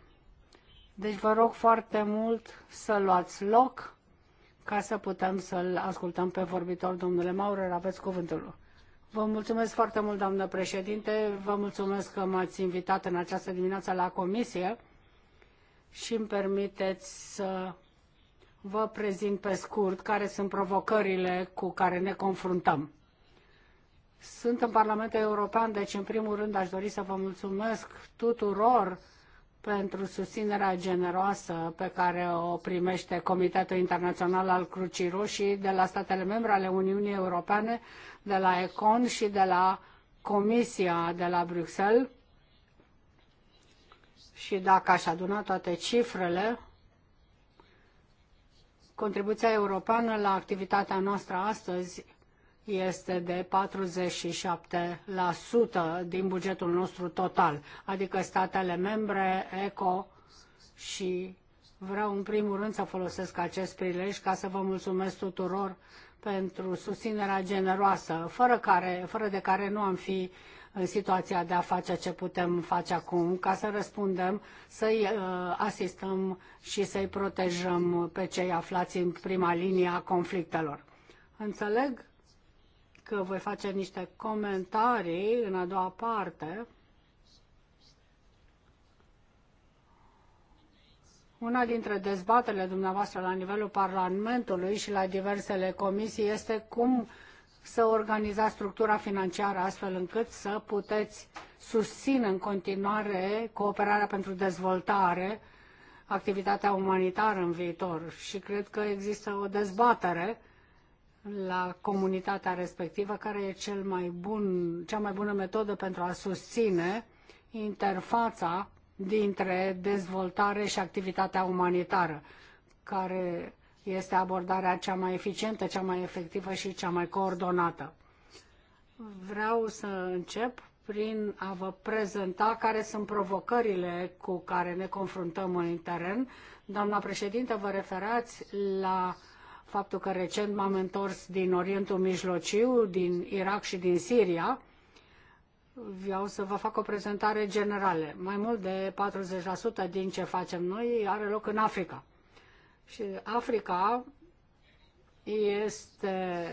Deci vă rog foarte mult să luați loc ca să putem să-l ascultăm pe vorbitor. Domnule Maurer, aveți cuvântul. Vă mulțumesc foarte mult, doamnă președinte. Vă mulțumesc că m-ați invitat în această dimineață la comisie și îmi permiteți să vă prezint pe scurt care sunt provocările cu care ne confruntăm. Sunt în Parlamentul European, deci în primul rând aș dori să vă mulțumesc tuturor pentru susținerea generoasă pe care o primește Comitetul Internațional al Crucii Roșii de la statele membre ale Uniunii Europene, de la ECON și de la Comisia de la Bruxelles. Și dacă aș aduna toate cifrele, Contribuția europeană la activitatea noastră astăzi este de 47% din bugetul nostru total, adică statele membre, ECO și vreau în primul rând să folosesc acest prilej ca să vă mulțumesc tuturor pentru susținerea generoasă, fără, care, fără de care nu am fi uh, în situația de a face ce putem face acum ca să răspundem, să-i uh, asistăm și să-i protejăm pe cei aflați în prima linie a conflictelor. Înțeleg că voi face niște comentarii în a doua parte. Una dintre dezbaterile dumneavoastră la nivelul Parlamentului și la diversele comisii este cum uh, să organizați structura financiară astfel încât să puteți susține în continuare cooperarea pentru dezvoltare, activitatea umanitară în viitor. Și cred că există o dezbatere la comunitatea respectivă care e cel mai bun, cea mai bună metodă pentru a susține interfața dintre dezvoltare și activitatea umanitară, care este abordarea cea mai eficientă, cea mai efectivă și cea mai coordonată. Vreau să încep prin a vă prezenta care sunt provocările cu care ne confruntăm în teren. Doamna președintă, vă referați la faptul că recent m-am întors din Orientul Mijlociu, din Irak și din Siria. Vreau să vă fac o prezentare generală. Mai mult de 40% din ce facem noi are loc în Africa. Și Africa este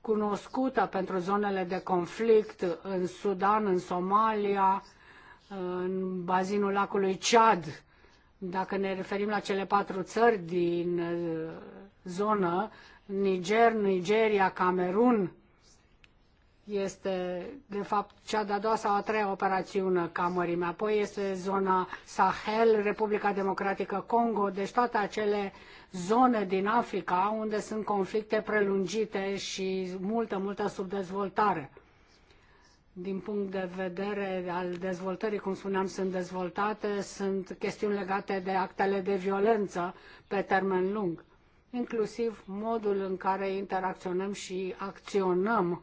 cunoscută pentru zonele de conflict în Sudan, în Somalia, în bazinul lacului Chad. Dacă ne referim la cele patru țări din uh, zonă, Niger, Nigeria, Camerun, este, de fapt, cea de-a doua sau a treia operațiune ca mărime. Apoi este zona Sahel, Republica Democratică Congo, deci toate acele zone din Africa unde sunt conflicte prelungite și multă, multă subdezvoltare. Din punct de vedere al dezvoltării, cum spuneam, sunt dezvoltate, sunt chestiuni legate de actele de violență pe termen lung inclusiv modul în care interacționăm și acționăm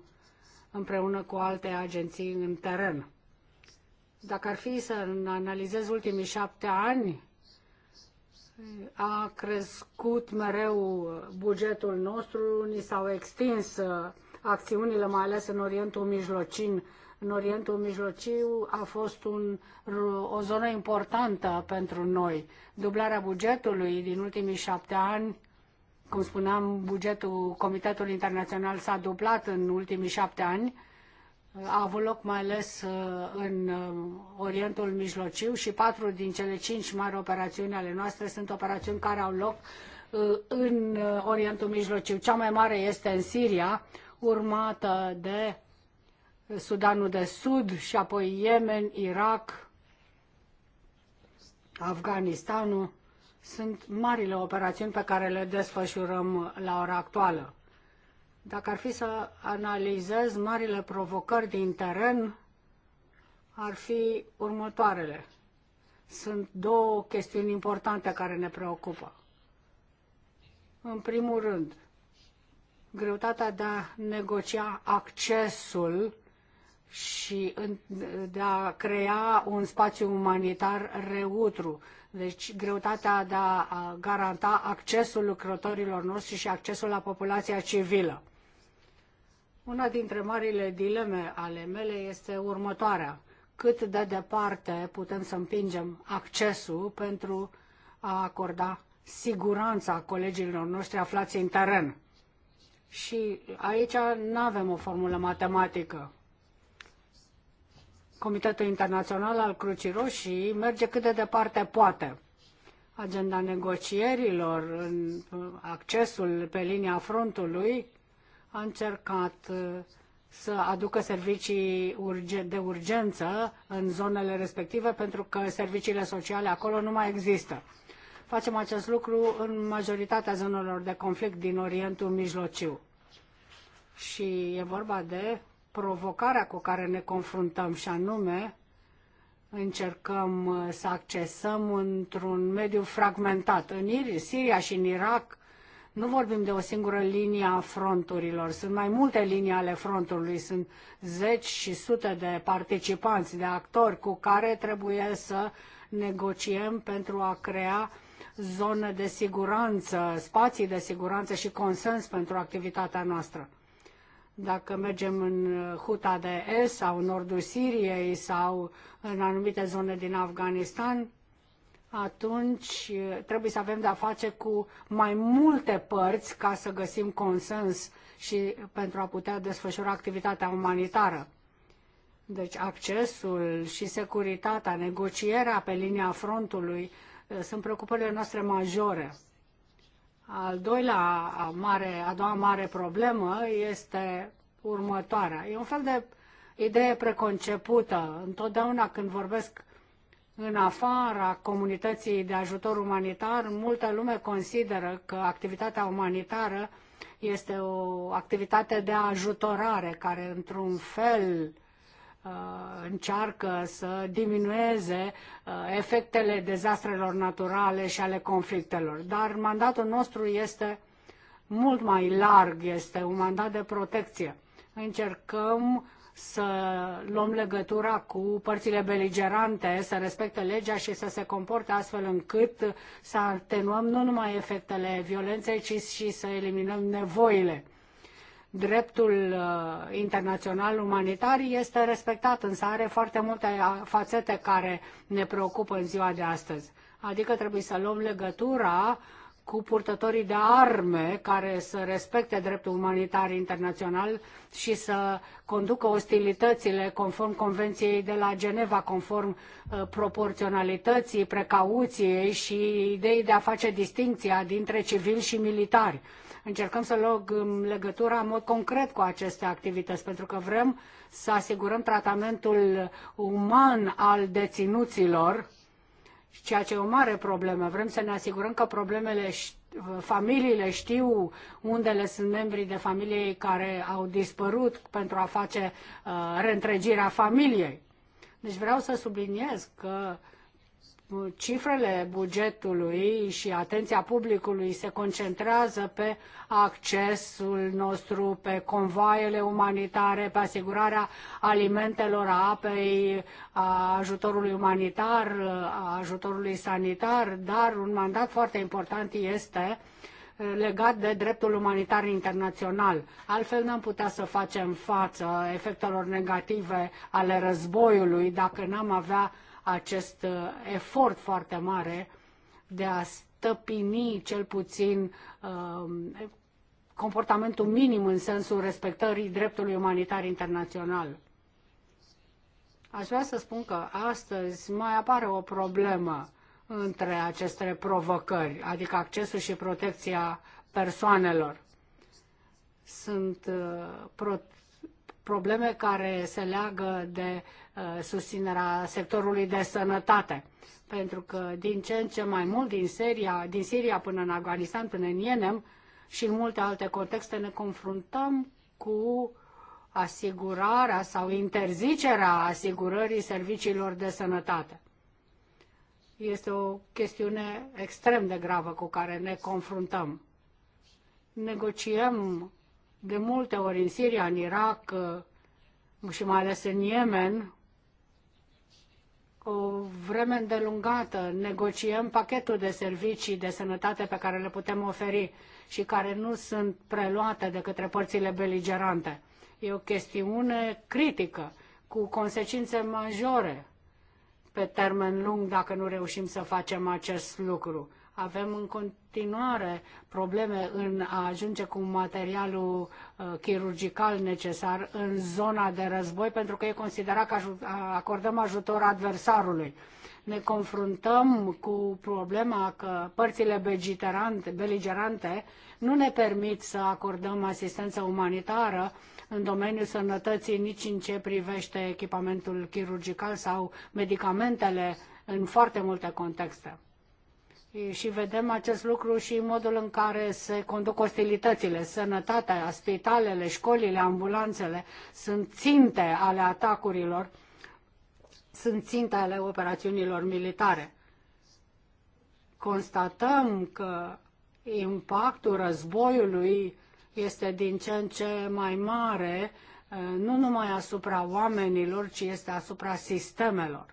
împreună cu alte agenții în teren. Dacă ar fi să analizez ultimii șapte ani, a crescut mereu bugetul nostru, ni s-au extins uh, acțiunile, mai ales în Orientul Mijlocin. În Orientul Mijlociu a fost un, o zonă importantă pentru noi. Dublarea bugetului din ultimii șapte ani cum spuneam, bugetul Comitetului Internațional s-a dublat în ultimii șapte ani. A avut loc mai ales uh, în uh, Orientul Mijlociu și patru din cele cinci mari operațiuni ale noastre sunt operațiuni care au loc uh, în Orientul Mijlociu. Cea mai mare este în Siria, urmată de Sudanul de Sud și apoi Yemen, Irak, Afganistanul sunt marile operațiuni pe care le desfășurăm la ora actuală. Dacă ar fi să analizez marile provocări din teren, ar fi următoarele. Sunt două chestiuni importante care ne preocupă. În primul rând, greutatea de a negocia accesul și de a crea un spațiu umanitar reutru. Deci greutatea de a garanta accesul lucrătorilor noștri și accesul la populația civilă. Una dintre marile dileme ale mele este următoarea. Cât de departe putem să împingem accesul pentru a acorda siguranța colegilor noștri aflați în teren? Și aici nu avem o formulă matematică Comitetul Internațional al Crucii Roșii merge cât de departe poate. Agenda negocierilor, în accesul pe linia frontului, a încercat uh, să aducă servicii de urgență în zonele respective, pentru că serviciile sociale acolo nu mai există. Facem acest lucru în majoritatea zonelor de conflict din Orientul Mijlociu. Și e vorba de provocarea cu care ne confruntăm și anume încercăm uh, să accesăm într-un mediu fragmentat. În Siria și în Irak nu vorbim de o singură linie a fronturilor, sunt mai multe linii ale frontului, sunt zeci și sute de participanți, de actori cu care trebuie să negociem pentru a crea zone de siguranță, spații de siguranță și consens pentru activitatea noastră. Dacă mergem în Huta de Est sau în nordul Siriei sau în anumite zone din Afganistan, atunci eh, trebuie să avem de-a face cu mai multe părți ca să găsim consens și pentru a putea desfășura activitatea umanitară. Deci accesul și securitatea, negocierea pe linia frontului eh, sunt preocupările noastre majore. Al doilea mare, a doua mare problemă este următoarea. E un fel de idee preconcepută. Întotdeauna când vorbesc în afara comunității de ajutor umanitar, multă lume consideră că activitatea umanitară este o activitate de ajutorare care, într-un fel, Uh, încearcă să diminueze uh, efectele dezastrelor naturale și ale conflictelor. Dar mandatul nostru este mult mai larg, este un mandat de protecție. Încercăm să luăm legătura cu părțile beligerante, să respecte legea și să se comporte astfel încât să atenuăm nu numai efectele violenței, ci și să eliminăm nevoile dreptul uh, internațional umanitar este respectat, însă are foarte multe uh, fațete care ne preocupă în ziua de astăzi. Adică trebuie să luăm legătura cu purtătorii de arme care să respecte dreptul umanitar internațional și să conducă ostilitățile conform Convenției de la Geneva, conform uh, proporționalității, precauției și ideii de a face distinția dintre civili și militari încercăm să luăm legătura în mod concret cu aceste activități, pentru că vrem să asigurăm tratamentul uman al deținuților, ceea ce e o mare problemă. Vrem să ne asigurăm că problemele familiile știu unde le sunt membrii de familie care au dispărut pentru a face uh, reîntregirea familiei. Deci vreau să subliniez că uh, cifrele bugetului și atenția publicului se concentrează pe accesul nostru, pe convoaiele umanitare, pe asigurarea alimentelor, a apei, a ajutorului umanitar, a ajutorului sanitar, dar un mandat foarte important este legat de dreptul umanitar internațional. Altfel n-am putea să facem față efectelor negative ale războiului dacă n-am avea acest uh, efort foarte mare de a stăpini cel puțin um, comportamentul minim în sensul respectării dreptului umanitar internațional. Aș vrea să spun că astăzi mai apare o problemă între aceste provocări, adică accesul și protecția persoanelor. Sunt uh, probleme care se leagă de uh, susținerea sectorului de sănătate. Pentru că din ce în ce mai mult din Siria, din Siria până în Afganistan, până în Yemen și în multe alte contexte ne confruntăm cu asigurarea sau interzicerea asigurării serviciilor de sănătate. Este o chestiune extrem de gravă cu care ne confruntăm. Negociem de multe ori în Siria, în Irak uh, și mai ales în Yemen, o vreme îndelungată negociem pachetul de servicii de sănătate pe care le putem oferi și care nu sunt preluate de către părțile beligerante. E o chestiune critică, cu consecințe majore pe termen lung dacă nu reușim să facem acest lucru. Avem în continuare probleme în a ajunge cu materialul uh, chirurgical necesar în zona de război, pentru că e considerat că acordăm ajutor adversarului. Ne confruntăm cu problema că părțile beligerante nu ne permit să acordăm asistență umanitară în domeniul sănătății, nici în ce privește echipamentul chirurgical sau medicamentele în foarte multe contexte și vedem acest lucru și în modul în care se conduc ostilitățile. Sănătatea, spitalele, școlile, ambulanțele sunt ținte ale atacurilor, sunt ținte ale operațiunilor militare. Constatăm că impactul războiului este din ce în ce mai mare, eh, nu numai asupra oamenilor, ci este asupra sistemelor.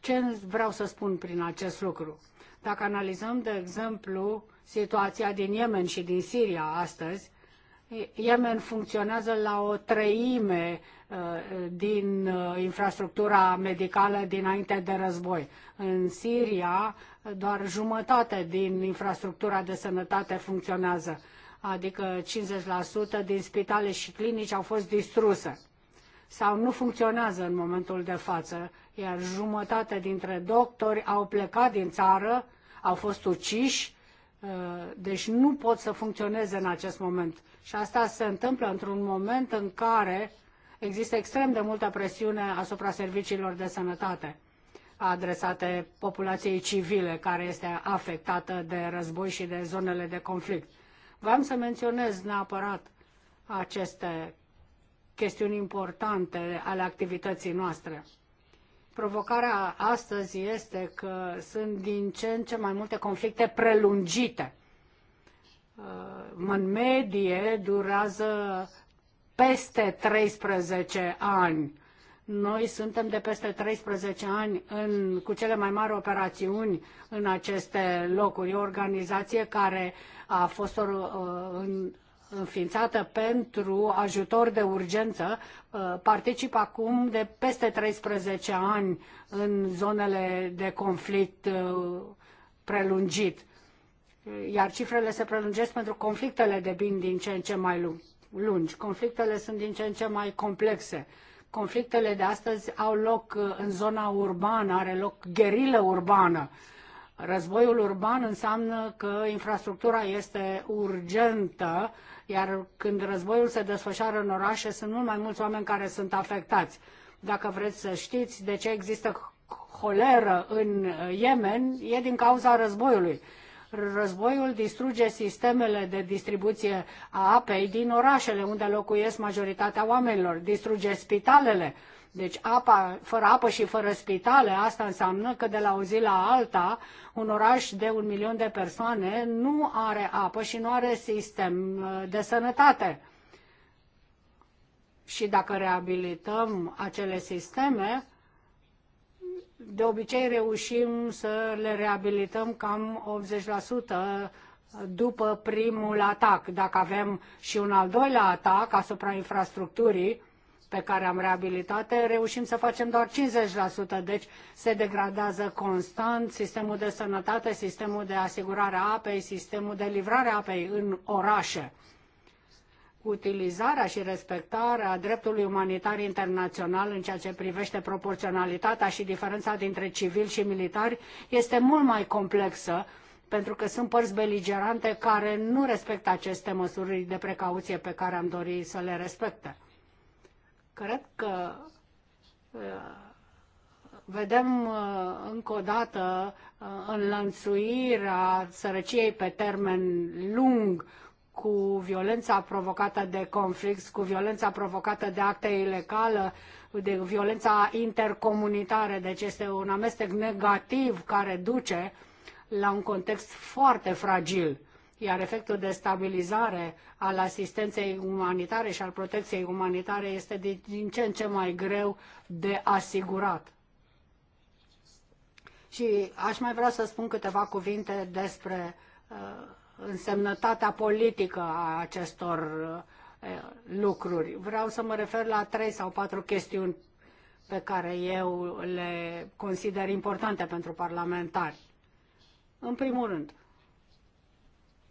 Ce vreau să spun prin acest lucru? Dacă analizăm, de exemplu, situația din Yemen și din Siria astăzi, Yemen funcționează la o treime uh, din uh, infrastructura medicală dinainte de război. În Siria, doar jumătate din infrastructura de sănătate funcționează, adică 50% din spitale și clinici au fost distruse sau nu funcționează în momentul de față, iar jumătate dintre doctori au plecat din țară, au fost uciși, uh, deci nu pot să funcționeze în acest moment. Și asta se întâmplă într-un moment în care există extrem de multă presiune asupra serviciilor de sănătate adresate populației civile care este afectată de război și de zonele de conflict. V-am să menționez neapărat aceste chestiuni importante ale activității noastre. Provocarea astăzi este că sunt din ce în ce mai multe conflicte prelungite. Uh, în medie durează peste 13 ani. Noi suntem de peste 13 ani în, cu cele mai mari operațiuni în aceste locuri. E o organizație care a fost uh, în, înființată pentru ajutor de urgență, uh, participă acum de peste 13 ani în zonele de conflict uh, prelungit. Iar cifrele se prelungesc pentru conflictele de bini din ce în ce mai lungi. Conflictele sunt din ce în ce mai complexe. Conflictele de astăzi au loc uh, în zona urbană, are loc gherilă urbană Războiul urban înseamnă că infrastructura este urgentă, iar când războiul se desfășoară în orașe, sunt mult mai mulți oameni care sunt afectați. Dacă vreți să știți de ce există holeră în Yemen, e din cauza războiului. Războiul distruge sistemele de distribuție a apei din orașele unde locuiesc majoritatea oamenilor, distruge spitalele, deci apa, fără apă și fără spitale, asta înseamnă că de la o zi la alta un oraș de un milion de persoane nu are apă și nu are sistem uh, de sănătate. Și dacă reabilităm acele sisteme, de obicei reușim să le reabilităm cam 80% după primul atac. Dacă avem și un al doilea atac asupra infrastructurii, pe care am reabilitate, reușim să facem doar 50%, deci se degradează constant sistemul de sănătate, sistemul de asigurare a apei, sistemul de livrare a apei în orașe. Utilizarea și respectarea dreptului umanitar internațional în ceea ce privește proporționalitatea și diferența dintre civili și militari este mult mai complexă pentru că sunt părți beligerante care nu respectă aceste măsuri de precauție pe care am dori să le respecte. Cred că uh, vedem uh, încă o dată uh, înlănțuirea sărăciei pe termen lung cu violența provocată de conflict, cu violența provocată de acte ilegale, de violența intercomunitară. Deci este un amestec negativ care duce la un context foarte fragil iar efectul de stabilizare al asistenței umanitare și al protecției umanitare este din ce în ce mai greu de asigurat. Și aș mai vrea să spun câteva cuvinte despre uh, însemnătatea politică a acestor uh, lucruri. Vreau să mă refer la trei sau patru chestiuni pe care eu le consider importante pentru parlamentari. În primul rând,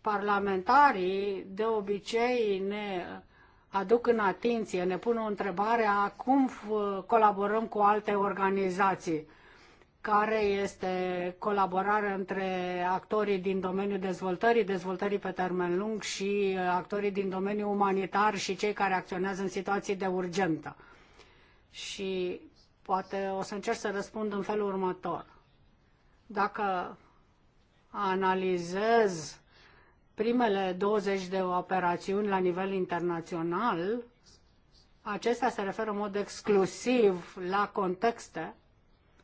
parlamentarii de obicei ne aduc în atenție, ne pun o întrebare a cum colaborăm cu alte organizații, care este colaborarea între actorii din domeniul dezvoltării, dezvoltării pe termen lung și actorii din domeniul umanitar și cei care acționează în situații de urgentă. Și poate o să încerc să răspund în felul următor. Dacă analizez primele 20 de operațiuni la nivel internațional, acestea se referă în mod exclusiv la contexte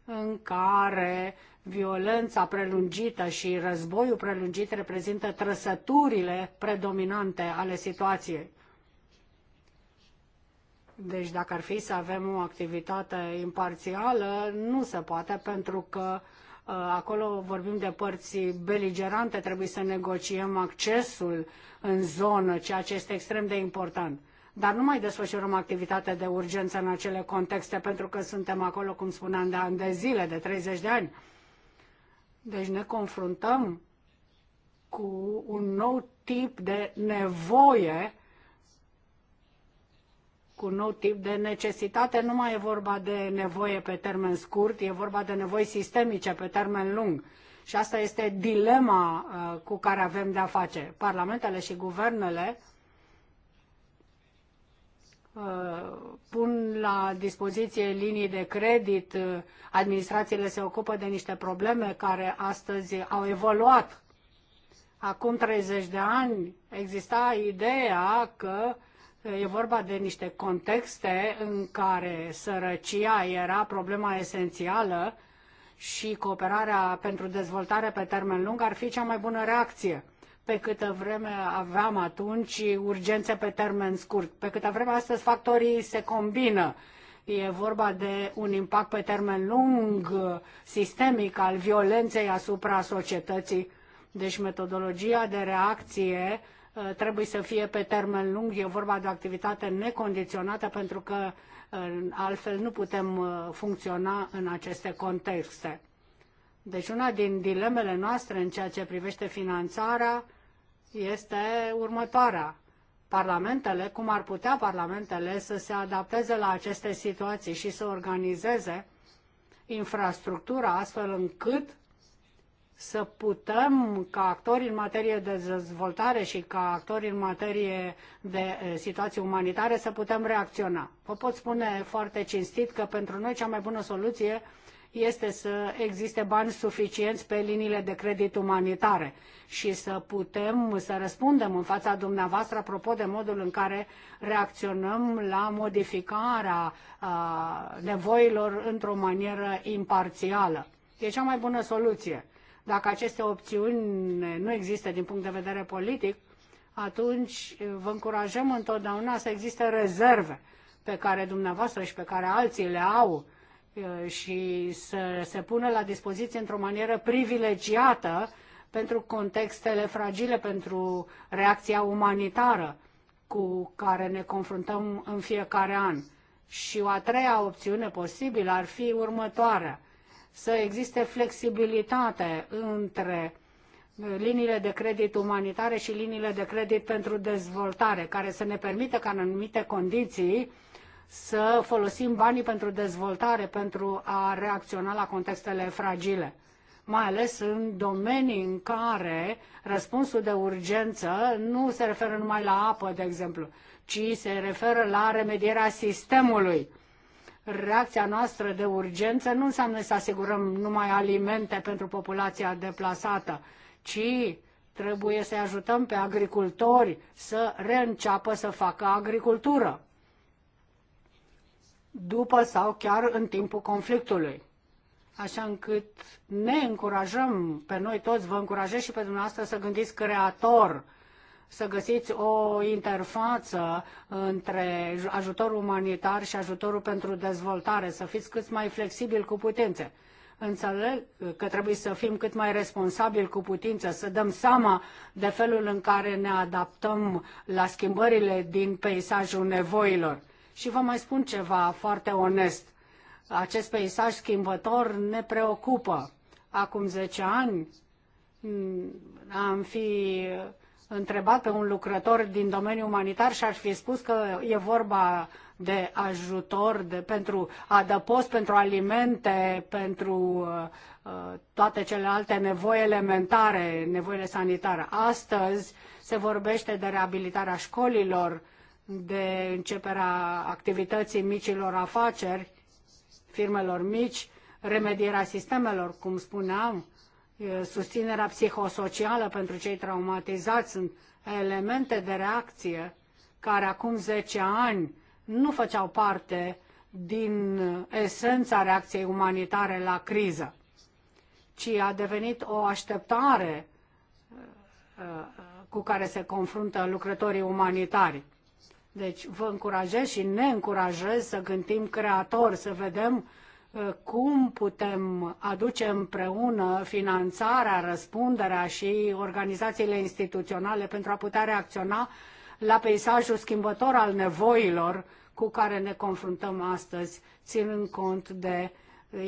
în care violența prelungită și războiul prelungit reprezintă trăsăturile predominante ale situației. Deci dacă ar fi să avem o activitate imparțială, nu se poate pentru că uh, Uh, acolo vorbim de părți beligerante, trebuie să negociem accesul în zonă, ceea ce este extrem de important. Dar nu mai desfășurăm activitate de urgență în acele contexte, pentru că suntem acolo, cum spuneam, de ani de zile, de 30 de ani. Deci ne confruntăm cu un nou tip de nevoie cu un nou tip de necesitate. Nu mai e vorba de nevoie pe termen scurt, e vorba de nevoi sistemice pe termen lung. Și asta este dilema uh, cu care avem de-a face. Parlamentele și guvernele uh, pun la dispoziție linii de credit, uh, administrațiile se ocupă de niște probleme care astăzi au evoluat. Acum 30 de ani exista ideea că uh, E vorba de niște contexte în care sărăcia era problema esențială și cooperarea pentru dezvoltare pe termen lung ar fi cea mai bună reacție. Pe câtă vreme aveam atunci urgențe pe termen scurt, pe câtă vreme astăzi factorii se combină. E vorba de un impact pe termen lung, sistemic, al violenței asupra societății. Deci metodologia de reacție Uh, trebuie să fie pe termen lung, e vorba de o activitate necondiționată pentru că uh, altfel nu putem uh, funcționa în aceste contexte. Deci una din dilemele noastre în ceea ce privește finanțarea este următoarea. Parlamentele, cum ar putea parlamentele să se adapteze la aceste situații și să organizeze infrastructura astfel încât să putem, ca actori în materie de dezvoltare și ca actori în materie de situații umanitare, să putem reacționa. Vă pot spune foarte cinstit că pentru noi cea mai bună soluție este să existe bani suficienți pe liniile de credit umanitare și să putem să răspundem în fața dumneavoastră apropo de modul în care reacționăm la modificarea a, nevoilor într-o manieră imparțială. E cea mai bună soluție dacă aceste opțiuni nu există din punct de vedere politic, atunci vă încurajăm întotdeauna să existe rezerve pe care dumneavoastră și pe care alții le au uh, și să se pună la dispoziție într-o manieră privilegiată pentru contextele fragile, pentru reacția umanitară cu care ne confruntăm în fiecare an. Și o a treia opțiune posibilă ar fi următoarea să existe flexibilitate între liniile de credit umanitare și liniile de credit pentru dezvoltare, care să ne permită ca în anumite condiții să folosim banii pentru dezvoltare, pentru a reacționa la contextele fragile, mai ales în domenii în care răspunsul de urgență nu se referă numai la apă, de exemplu, ci se referă la remedierea sistemului reacția noastră de urgență nu înseamnă să asigurăm numai alimente pentru populația deplasată, ci trebuie să-i ajutăm pe agricultori să reînceapă să facă agricultură după sau chiar în timpul conflictului. Așa încât ne încurajăm, pe noi toți vă încurajez și pe dumneavoastră să gândiți creator să găsiți o interfață între ajutorul umanitar și ajutorul pentru dezvoltare, să fiți cât mai flexibil cu putințe. Înțeleg că trebuie să fim cât mai responsabili cu putință, să dăm seama de felul în care ne adaptăm la schimbările din peisajul nevoilor. Și vă mai spun ceva foarte onest. Acest peisaj schimbător ne preocupă. Acum 10 ani mm, am fi întrebat pe un lucrător din domeniul umanitar și aș fi spus că e vorba de ajutor de, pentru adăpost, pentru alimente, pentru uh, uh, toate celelalte nevoi elementare, nevoile sanitare. Astăzi se vorbește de reabilitarea școlilor, de începerea activității micilor afaceri, firmelor mici, remedierea sistemelor, cum spuneam, susținerea psihosocială pentru cei traumatizați sunt elemente de reacție care acum 10 ani nu făceau parte din esența reacției umanitare la criză, ci a devenit o așteptare cu care se confruntă lucrătorii umanitari. Deci vă încurajez și ne încurajez să gândim creator, să vedem cum putem aduce împreună finanțarea, răspunderea și organizațiile instituționale pentru a putea reacționa la peisajul schimbător al nevoilor cu care ne confruntăm astăzi, ținând cont de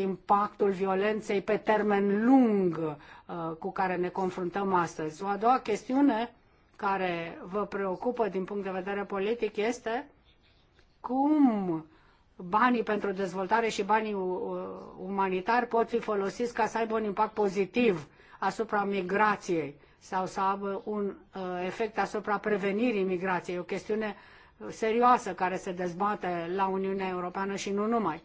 impactul violenței pe termen lung uh, cu care ne confruntăm astăzi. O a doua chestiune care vă preocupă din punct de vedere politic este cum banii pentru dezvoltare și banii umanitari pot fi folosiți ca să aibă un impact pozitiv asupra migrației sau să aibă un uh, efect asupra prevenirii migrației. O chestiune uh, serioasă care se dezbate la Uniunea Europeană și nu numai.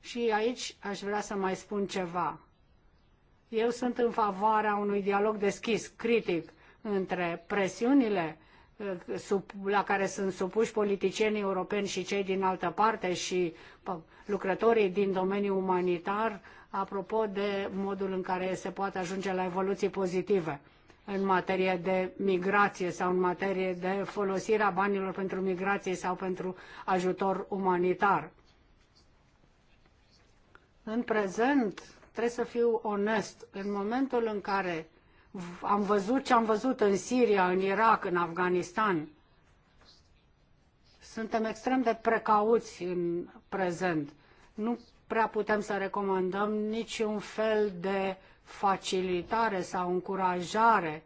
Și aici aș vrea să mai spun ceva. Eu sunt în favoarea unui dialog deschis, critic, între presiunile la care sunt supuși politicienii europeni și cei din altă parte și lucrătorii din domeniul umanitar, apropo de modul în care se poate ajunge la evoluții pozitive în materie de migrație sau în materie de folosirea banilor pentru migrație sau pentru ajutor umanitar. În prezent, trebuie să fiu onest, în momentul în care am văzut ce am văzut în Siria, în Irak, în Afganistan. Suntem extrem de precauți în prezent. Nu prea putem să recomandăm niciun fel de facilitare sau încurajare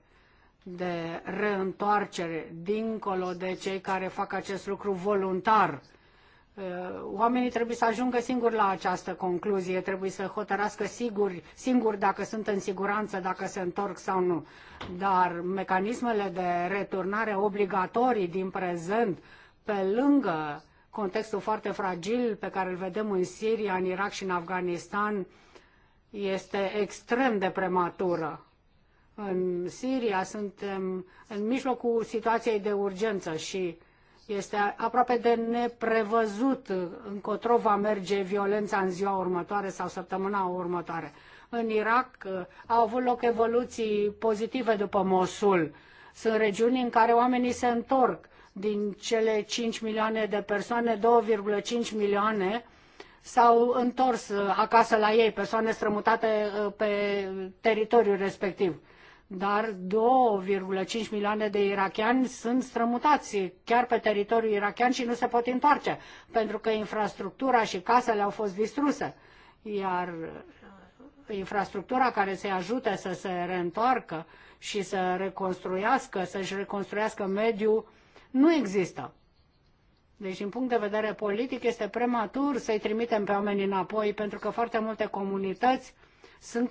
de reîntoarcere dincolo de cei care fac acest lucru voluntar Uh, oamenii trebuie să ajungă singuri la această concluzie, trebuie să hotărască siguri, singuri dacă sunt în siguranță, dacă se întorc sau nu. Dar mecanismele de returnare obligatorii din prezent, pe lângă contextul foarte fragil pe care îl vedem în Siria, în Irak și în Afganistan, este extrem de prematură. În Siria suntem în mijlocul situației de urgență și este aproape de neprevăzut încotro va merge violența în ziua următoare sau săptămâna următoare. În Irak uh, au avut loc evoluții pozitive după Mosul. Sunt regiuni în care oamenii se întorc. Din cele 5 milioane de persoane, 2,5 milioane s-au întors uh, acasă la ei, persoane strămutate uh, pe teritoriul respectiv dar 2,5 milioane de irachiani sunt strămutați chiar pe teritoriul irachian și nu se pot întoarce, pentru că infrastructura și casele au fost distruse. Iar infrastructura care să-i ajute să se reîntoarcă și să reconstruiască, să-și reconstruiască mediul, nu există. Deci, din punct de vedere politic, este prematur să-i trimitem pe oamenii înapoi, pentru că foarte multe comunități sunt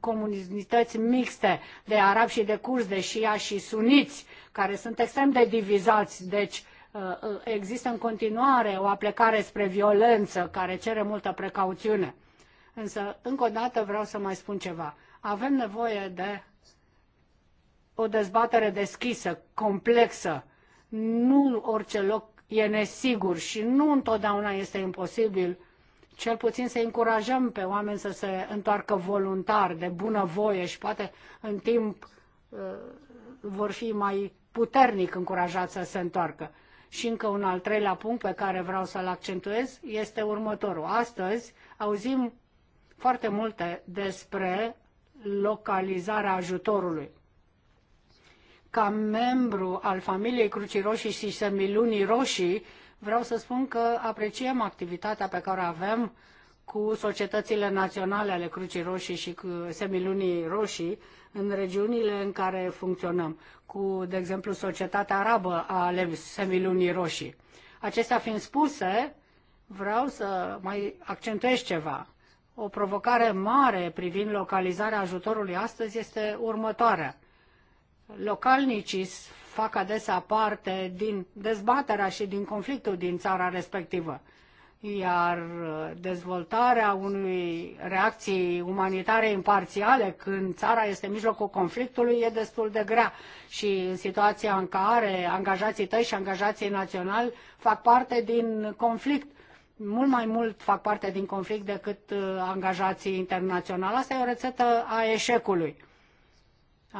comunități mixte de arabi și de curzi, de șia și suniți, care sunt extrem de divizați. Deci uh, uh, există în continuare o aplecare spre violență care cere multă precauțiune. Însă, încă o dată vreau să mai spun ceva. Avem nevoie de o dezbatere deschisă, complexă. Nu orice loc e nesigur și nu întotdeauna este imposibil cel puțin să încurajăm pe oameni să se întoarcă voluntar, de bună voie și poate în timp uh, vor fi mai puternic încurajați să se întoarcă. Și încă un al treilea punct pe care vreau să-l accentuez este următorul. Astăzi auzim foarte multe despre localizarea ajutorului. Ca membru al familiei Crucii Roșii și Semilunii Roșii, Vreau să spun că apreciem activitatea pe care o avem cu societățile naționale ale Crucii Roșii și cu Semilunii Roșii în regiunile în care funcționăm, cu, de exemplu, Societatea Arabă a Semilunii Roșii. Acestea fiind spuse, vreau să mai accentuez ceva. O provocare mare privind localizarea ajutorului astăzi este următoarea. Localnicii fac adesea parte din dezbaterea și din conflictul din țara respectivă. Iar uh, dezvoltarea unui reacții umanitare imparțiale când țara este în mijlocul conflictului e destul de grea și în situația în care angajații tăi și angajații naționali fac parte din conflict mult mai mult fac parte din conflict decât uh, angajații internaționali. Asta e o rețetă a eșecului.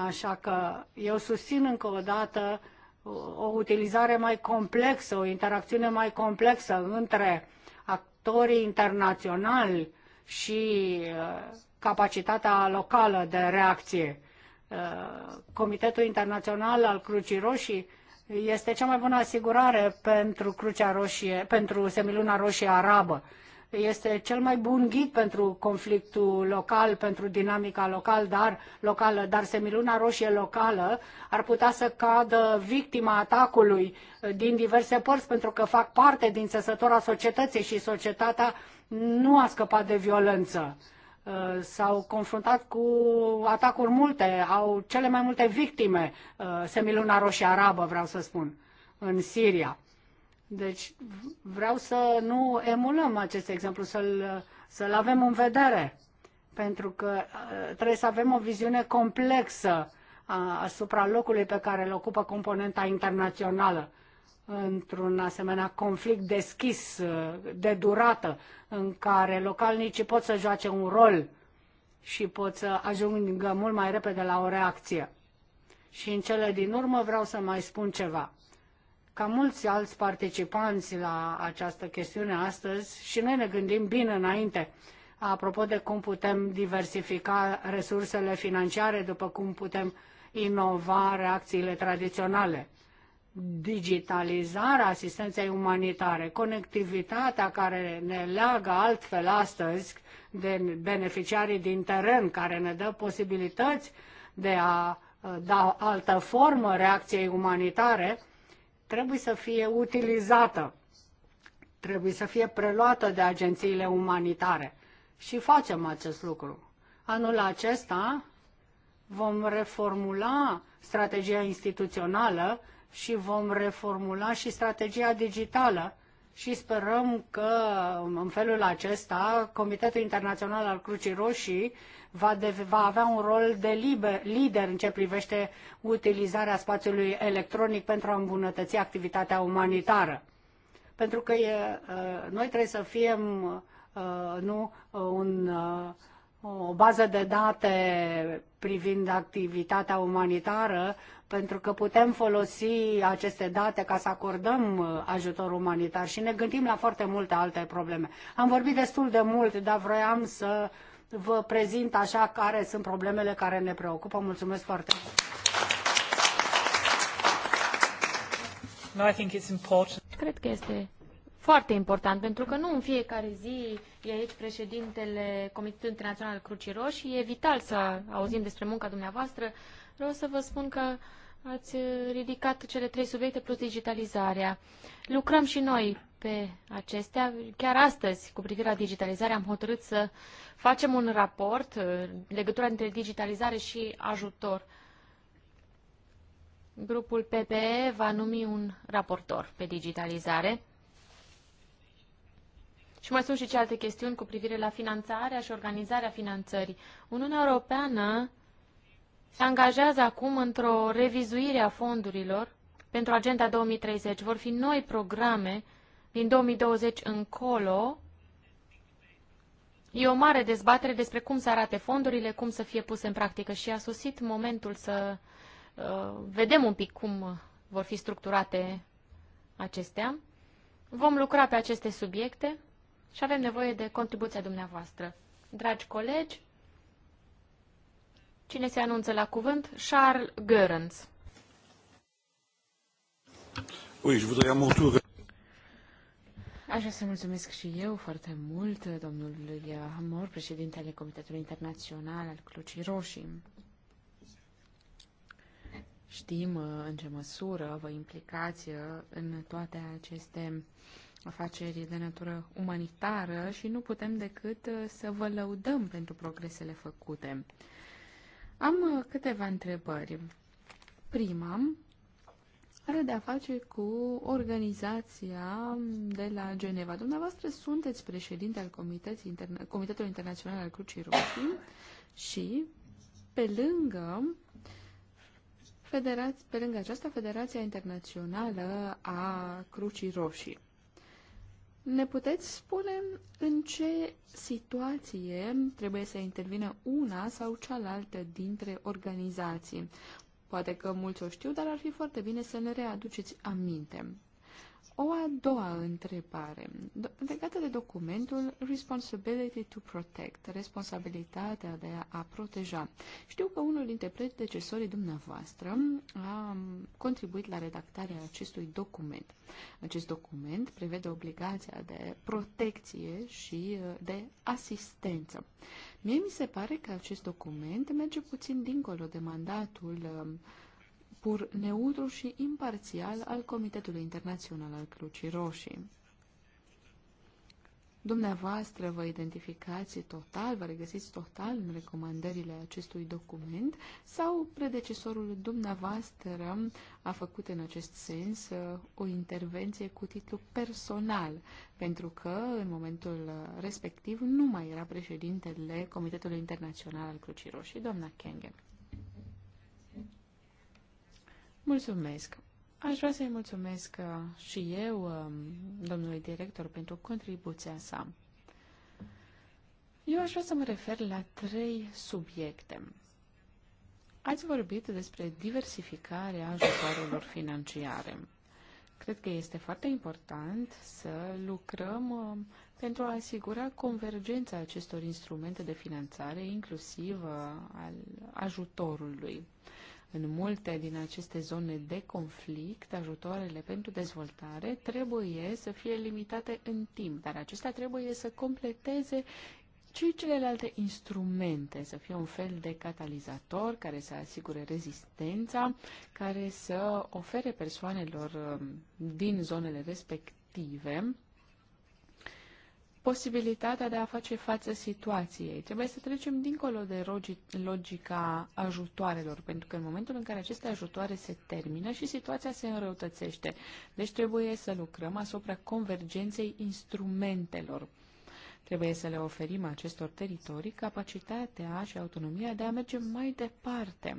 Așa că eu susțin încă o dată o utilizare mai complexă, o interacțiune mai complexă între actorii internaționali și uh, capacitatea locală de reacție. Uh, Comitetul Internațional al Crucii Roșii este cea mai bună asigurare pentru Crucea Roșie, pentru Semiluna Roșie Arabă este cel mai bun ghid pentru conflictul local, pentru dinamica local, dar, locală, dar semiluna roșie locală ar putea să cadă victima atacului uh, din diverse părți, pentru că fac parte din țesătura societății și societatea nu a scăpat de violență uh, s-au confruntat cu atacuri multe, au cele mai multe victime, uh, semiluna roșie arabă, vreau să spun, în Siria. Deci vreau să nu emulăm acest exemplu, să-l, să-l avem în vedere, pentru că uh, trebuie să avem o viziune complexă asupra locului pe care îl ocupă componenta internațională într-un asemenea conflict deschis, uh, de durată, în care localnicii pot să joace un rol și pot să ajungă mult mai repede la o reacție. Și în cele din urmă vreau să mai spun ceva ca mulți alți participanți la această chestiune astăzi și noi ne gândim bine înainte apropo de cum putem diversifica resursele financiare, după cum putem inova reacțiile tradiționale. Digitalizarea asistenței umanitare, conectivitatea care ne leagă altfel astăzi de beneficiarii din teren, care ne dă posibilități de a da altă formă reacției umanitare, trebuie să fie utilizată, trebuie să fie preluată de agențiile umanitare. Și facem acest lucru. Anul acesta vom reformula strategia instituțională și vom reformula și strategia digitală și sperăm că în felul acesta Comitetul Internațional al Crucii Roșii va, de, va avea un rol de liber, lider în ce privește utilizarea spațiului electronic pentru a îmbunătăți activitatea umanitară. Pentru că e, ă, noi trebuie să fim ă, nu, un, ă, o bază de date privind activitatea umanitară, pentru că putem folosi aceste date ca să acordăm uh, ajutor umanitar și ne gândim la foarte multe alte probleme. Am vorbit destul de mult, dar vroiam să vă prezint așa care sunt problemele care ne preocupă. Mulțumesc foarte mult! No, I think it's important. Cred că este foarte important, pentru că nu în fiecare zi e aici președintele Comitetului Internațional Crucii Roșii, e vital să auzim despre munca dumneavoastră. Vreau să vă spun că ați ridicat cele trei subiecte plus digitalizarea. Lucrăm și noi pe acestea. Chiar astăzi, cu privire la digitalizare, am hotărât să facem un raport, legătura între digitalizare și ajutor. Grupul PPE va numi un raportor pe digitalizare. Și mai sunt și ce alte chestiuni cu privire la finanțarea și organizarea finanțării. Uniunea Europeană se angajează acum într-o revizuire a fondurilor pentru Agenda 2030. Vor fi noi programe din 2020 încolo. E o mare dezbatere despre cum să arate fondurile, cum să fie puse în practică și a susit momentul să uh, vedem un pic cum vor fi structurate acestea. Vom lucra pe aceste subiecte și avem nevoie de contribuția dumneavoastră. Dragi colegi, cine se anunță la cuvânt? Charles Görens. Oui, je voudrais à mon tour... Aș vrea să mulțumesc și eu foarte mult domnului Hamor, președintele Comitetului Internațional al Crucii Roșii. Știm uh, în ce măsură vă implicați uh, în toate aceste uh, afaceri de natură umanitară și nu putem decât uh, să vă lăudăm pentru progresele făcute. Am uh, câteva întrebări. Prima are de-a face cu organizația de la Geneva. Dumneavoastră sunteți președinte al Comitetului, Interna- Comitetului Internațional al Crucii Roșii și, pe lângă Federaț- pe lângă aceasta, Federația Internațională a Crucii Roșii. Ne puteți spune în ce situație trebuie să intervină una sau cealaltă dintre organizații? Poate că mulți o știu, dar ar fi foarte bine să ne readuceți aminte. O a doua întrebare, legată de documentul Responsibility to Protect, responsabilitatea de a proteja. Știu că unul dintre predecesorii dumneavoastră a contribuit la redactarea acestui document. Acest document prevede obligația de protecție și uh, de asistență. Mie mi se pare că acest document merge puțin dincolo de mandatul uh, pur neutru și imparțial al Comitetului Internațional al Crucii Roșii. Dumneavoastră vă identificați total, vă regăsiți total în recomandările acestui document sau predecesorul dumneavoastră a făcut în acest sens uh, o intervenție cu titlu personal, pentru că în momentul uh, respectiv nu mai era președintele Comitetului Internațional al Crucii Roșii, doamna Kenge. Mulțumesc! Aș vrea să-i mulțumesc uh, și eu, uh, domnului director, pentru contribuția sa. Eu aș vrea să mă refer la trei subiecte. Ați vorbit despre diversificarea ajutoarelor financiare. Cred că este foarte important să lucrăm uh, pentru a asigura convergența acestor instrumente de finanțare, inclusiv al ajutorului. În multe din aceste zone de conflict, ajutoarele pentru dezvoltare trebuie să fie limitate în timp, dar acestea trebuie să completeze și celelalte instrumente, să fie un fel de catalizator care să asigure rezistența, care să ofere persoanelor um, din zonele respective posibilitatea de a face față situației. Trebuie să trecem dincolo de logica ajutoarelor, pentru că în momentul în care aceste ajutoare se termină și situația se înrăutățește. Deci trebuie să lucrăm asupra convergenței instrumentelor. Trebuie să le oferim acestor teritorii capacitatea și autonomia de a merge mai departe.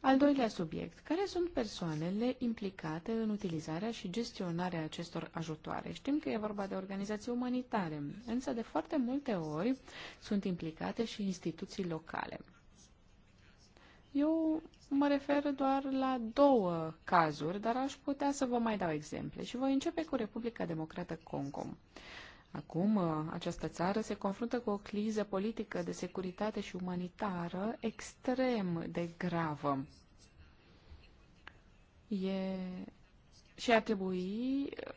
Al doilea subiect. Care sunt persoanele implicate în utilizarea și gestionarea acestor ajutoare? Știm că e vorba de organizații umanitare, însă de foarte multe ori sunt implicate și instituții locale. Eu mă refer doar la două cazuri, dar aș putea să vă mai dau exemple și voi începe cu Republica Democrată Congo. Acum, uh, această țară se confruntă cu o criză politică de securitate și umanitară extrem de gravă. E... Și ar trebui uh,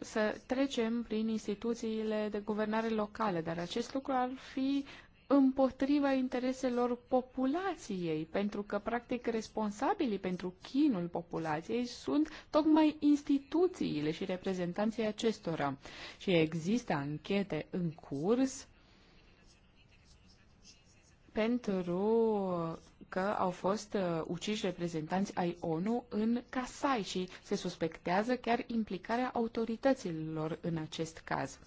să trecem prin instituțiile de guvernare locale, dar acest lucru ar fi împotriva intereselor populației, pentru că, practic, responsabilii pentru chinul populației sunt tocmai instituțiile și reprezentanții acestora. Și există anchete în curs pentru că au fost uh, uciși reprezentanți ai ONU în Kasai și se suspectează chiar implicarea autorităților în acest caz.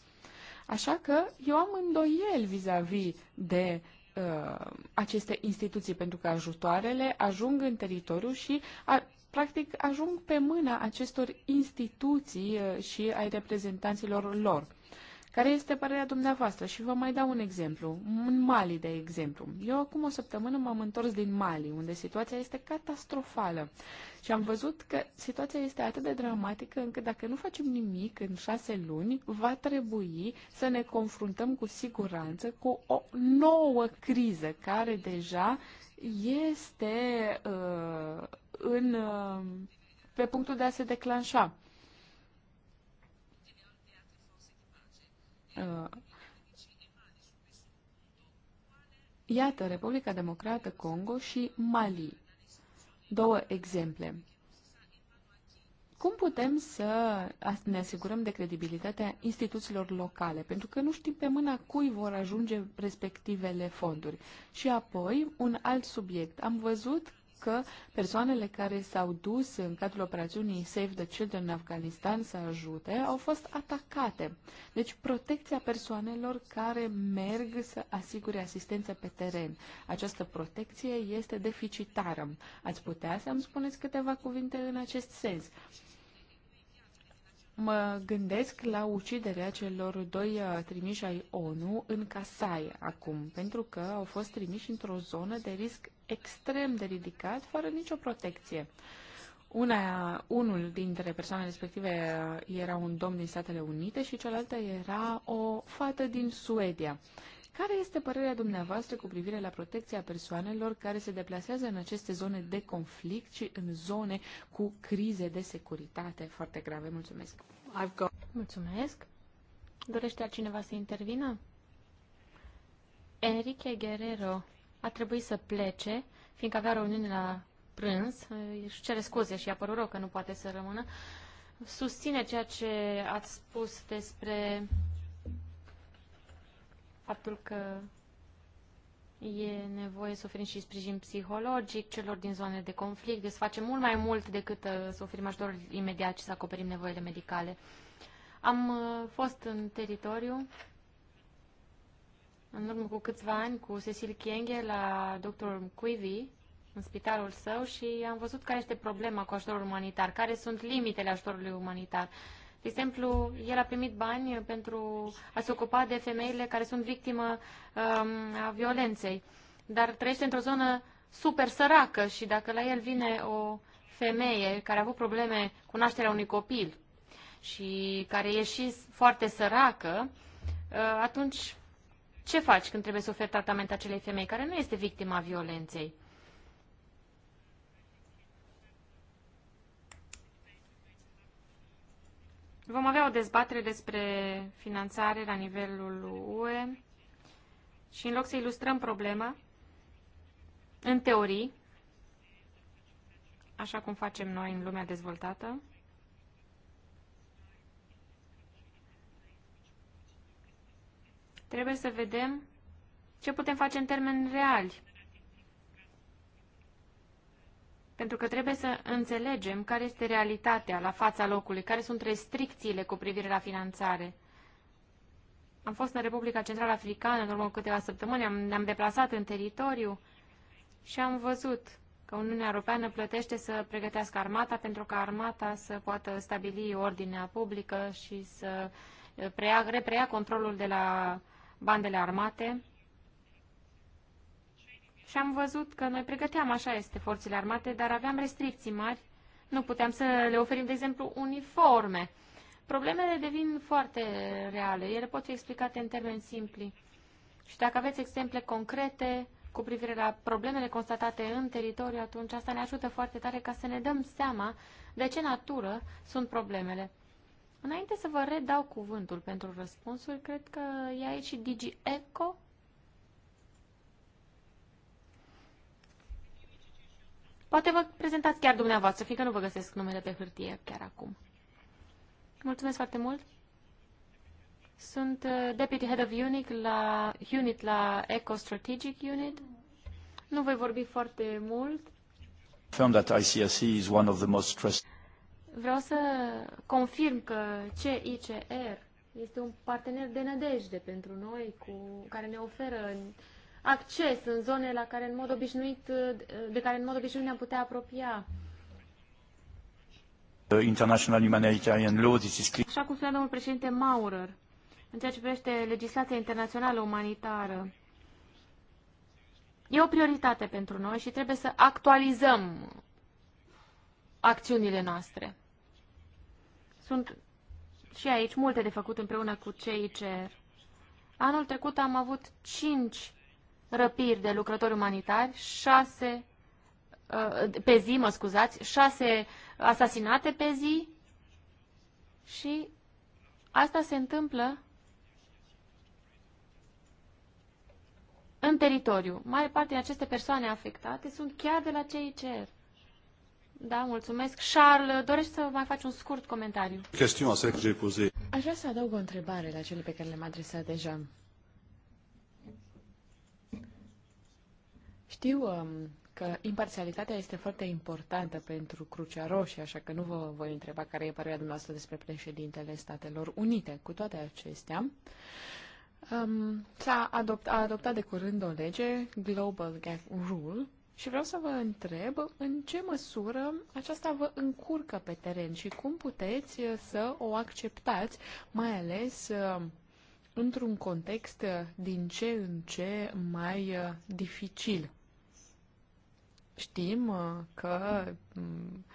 Așa că eu am îndoieli vis-a-vis -vis de uh, aceste instituții, pentru că ajutoarele ajung în teritoriu și a, practic ajung pe mâna acestor instituții uh, și ai reprezentanților lor. Care este părerea dumneavoastră? Și vă mai dau un exemplu. În Mali, de exemplu. Eu acum o săptămână m-am întors din Mali, unde situația este catastrofală. Și am văzut că situația este atât de dramatică încât dacă nu facem nimic în șase luni, va trebui să ne confruntăm cu siguranță cu o nouă criză care deja este uh, în, uh, pe punctul de a se declanșa. Uh, iată Republica Democrată Congo și Mali. Două exemple. Cum putem să ne asigurăm de credibilitatea instituțiilor locale? Pentru că nu știm pe mâna cui vor ajunge respectivele fonduri. Și apoi, un alt subiect. Am văzut că persoanele care s-au dus în cadrul operațiunii Save the Children în Afganistan să ajute au fost atacate. Deci protecția persoanelor care merg să asigure asistență pe teren. Această protecție este deficitară. Ați putea să-mi spuneți câteva cuvinte în acest sens? Mă gândesc la uciderea celor doi uh, trimiși ai ONU în Casai acum, pentru că au fost trimiși într-o zonă de risc extrem de ridicat, fără nicio protecție. Una, unul dintre persoanele respective era un domn din Statele Unite și cealaltă era o fată din Suedia. Care este părerea dumneavoastră cu privire la protecția persoanelor care se deplasează în aceste zone de conflict și în zone cu crize de securitate foarte grave? Mulțumesc! I've got... Mulțumesc! Dorește cineva să intervină? Enrique Guerrero a trebuit să plece, fiindcă avea reuniune la prânz, își cere scuze și a părut rău că nu poate să rămână, susține ceea ce ați spus despre faptul că e nevoie să oferim și sprijin psihologic celor din zone de conflict, de să facem mult mai mult decât uh, să oferim ajutor imediat și să acoperim nevoile medicale. Am uh, fost în teritoriu în urmă cu câțiva ani cu Cecil Kienge la doctorul Cuivi, în spitalul său, și am văzut care este problema cu ajutorul umanitar, care sunt limitele ajutorului umanitar. De exemplu, el a primit bani pentru a se ocupa de femeile care sunt victimă um, a violenței, dar trăiește într-o zonă super săracă și dacă la el vine o femeie care a avut probleme cu nașterea unui copil și care e și foarte săracă, uh, atunci ce faci când trebuie să oferi tratament acelei femei care nu este victima violenței? Vom avea o dezbatere despre finanțare la nivelul UE și în loc să ilustrăm problema, în teorii, așa cum facem noi în lumea dezvoltată, Trebuie să vedem ce putem face în termeni reali. Pentru că trebuie să înțelegem care este realitatea la fața locului, care sunt restricțiile cu privire la finanțare. Am fost în Republica Central Africană în urmă câteva săptămâni, am, ne-am deplasat în teritoriu și am văzut că Uniunea Europeană plătește să pregătească armata pentru ca armata să poată stabili ordinea publică și să eh, preia, repreia controlul de la bandele armate. Și am văzut că noi pregăteam, așa este, forțele armate, dar aveam restricții mari. Nu puteam să le oferim, de exemplu, uniforme. Problemele devin foarte reale. Ele pot fi explicate în termeni simpli. Și dacă aveți exemple concrete cu privire la problemele constatate în teritoriu, atunci asta ne ajută foarte tare ca să ne dăm seama de ce natură sunt problemele. Înainte să vă redau cuvântul pentru răspunsuri, cred că e aici Digi Eco. Poate vă prezentați chiar dumneavoastră, fiindcă nu vă găsesc numele pe hârtie chiar acum. Mulțumesc foarte mult! Sunt uh, Deputy Head of Unit la, unit la Eco Strategic Unit. Nu voi vorbi foarte mult. Confirm that ICSC is one of the most trusted Vreau să confirm că CICR este un partener de nădejde pentru noi, cu, care ne oferă acces în zone la care în mod obișnuit, de care în mod obișnuit ne-am putea apropia. International Humanitarian Law, this is clear. Așa cum spunea domnul președinte Maurer, în ceea ce privește legislația internațională umanitară, e o prioritate pentru noi și trebuie să actualizăm acțiunile noastre. Sunt și aici multe de făcut împreună cu cei ce... Anul trecut am avut cinci răpiri de lucrători umanitari, 6 uh, pe zi, mă scuzați, 6 asasinate pe zi și asta se întâmplă în teritoriu. Mare parte din aceste persoane afectate sunt chiar de la cei cer. Da, mulțumesc. Charles, dorești să mai faci un scurt comentariu? Chestiunea asta que j'ai Aș vrea să adaug o întrebare la cele pe care le-am adresat deja. Știu um, că imparțialitatea este foarte importantă pentru Crucea Roșie, așa că nu vă voi întreba care e părerea dumneavoastră despre președintele Statelor Unite. Cu toate acestea, um, s-a adopt, a adoptat de curând o lege, Global Gag Rule, și vreau să vă întreb în ce măsură aceasta vă încurcă pe teren și cum puteți uh, să o acceptați, mai ales uh, într-un context uh, din ce în ce mai dificil. Știm că mm,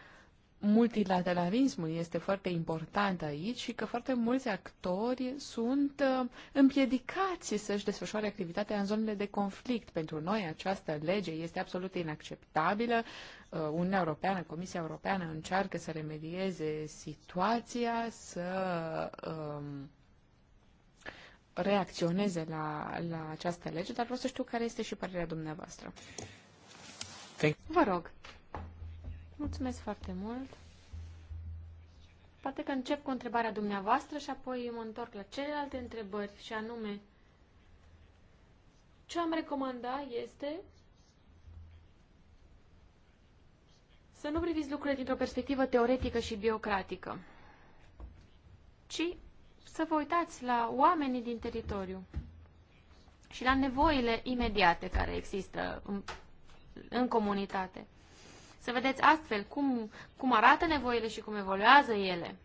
multilateralismul este foarte important aici și că foarte mulți actori sunt uh, împiedicați să-și desfășoare activitatea în zonele de conflict. Pentru noi această lege este absolut inacceptabilă. Uh, Uniunea Europeană, Comisia Europeană încearcă să remedieze situația, să um, reacționeze la, la această lege, dar vreau să știu care este și părerea dumneavoastră. Vă rog. Mulțumesc foarte mult. Poate că încep cu întrebarea dumneavoastră și apoi mă întorc la celelalte întrebări și anume ce am recomanda este să nu priviți lucrurile dintr-o perspectivă teoretică și biocratică, ci să vă uitați la oamenii din teritoriu și la nevoile imediate care există în, în comunitate să vedeți astfel cum, cum arată nevoile și cum evoluează ele.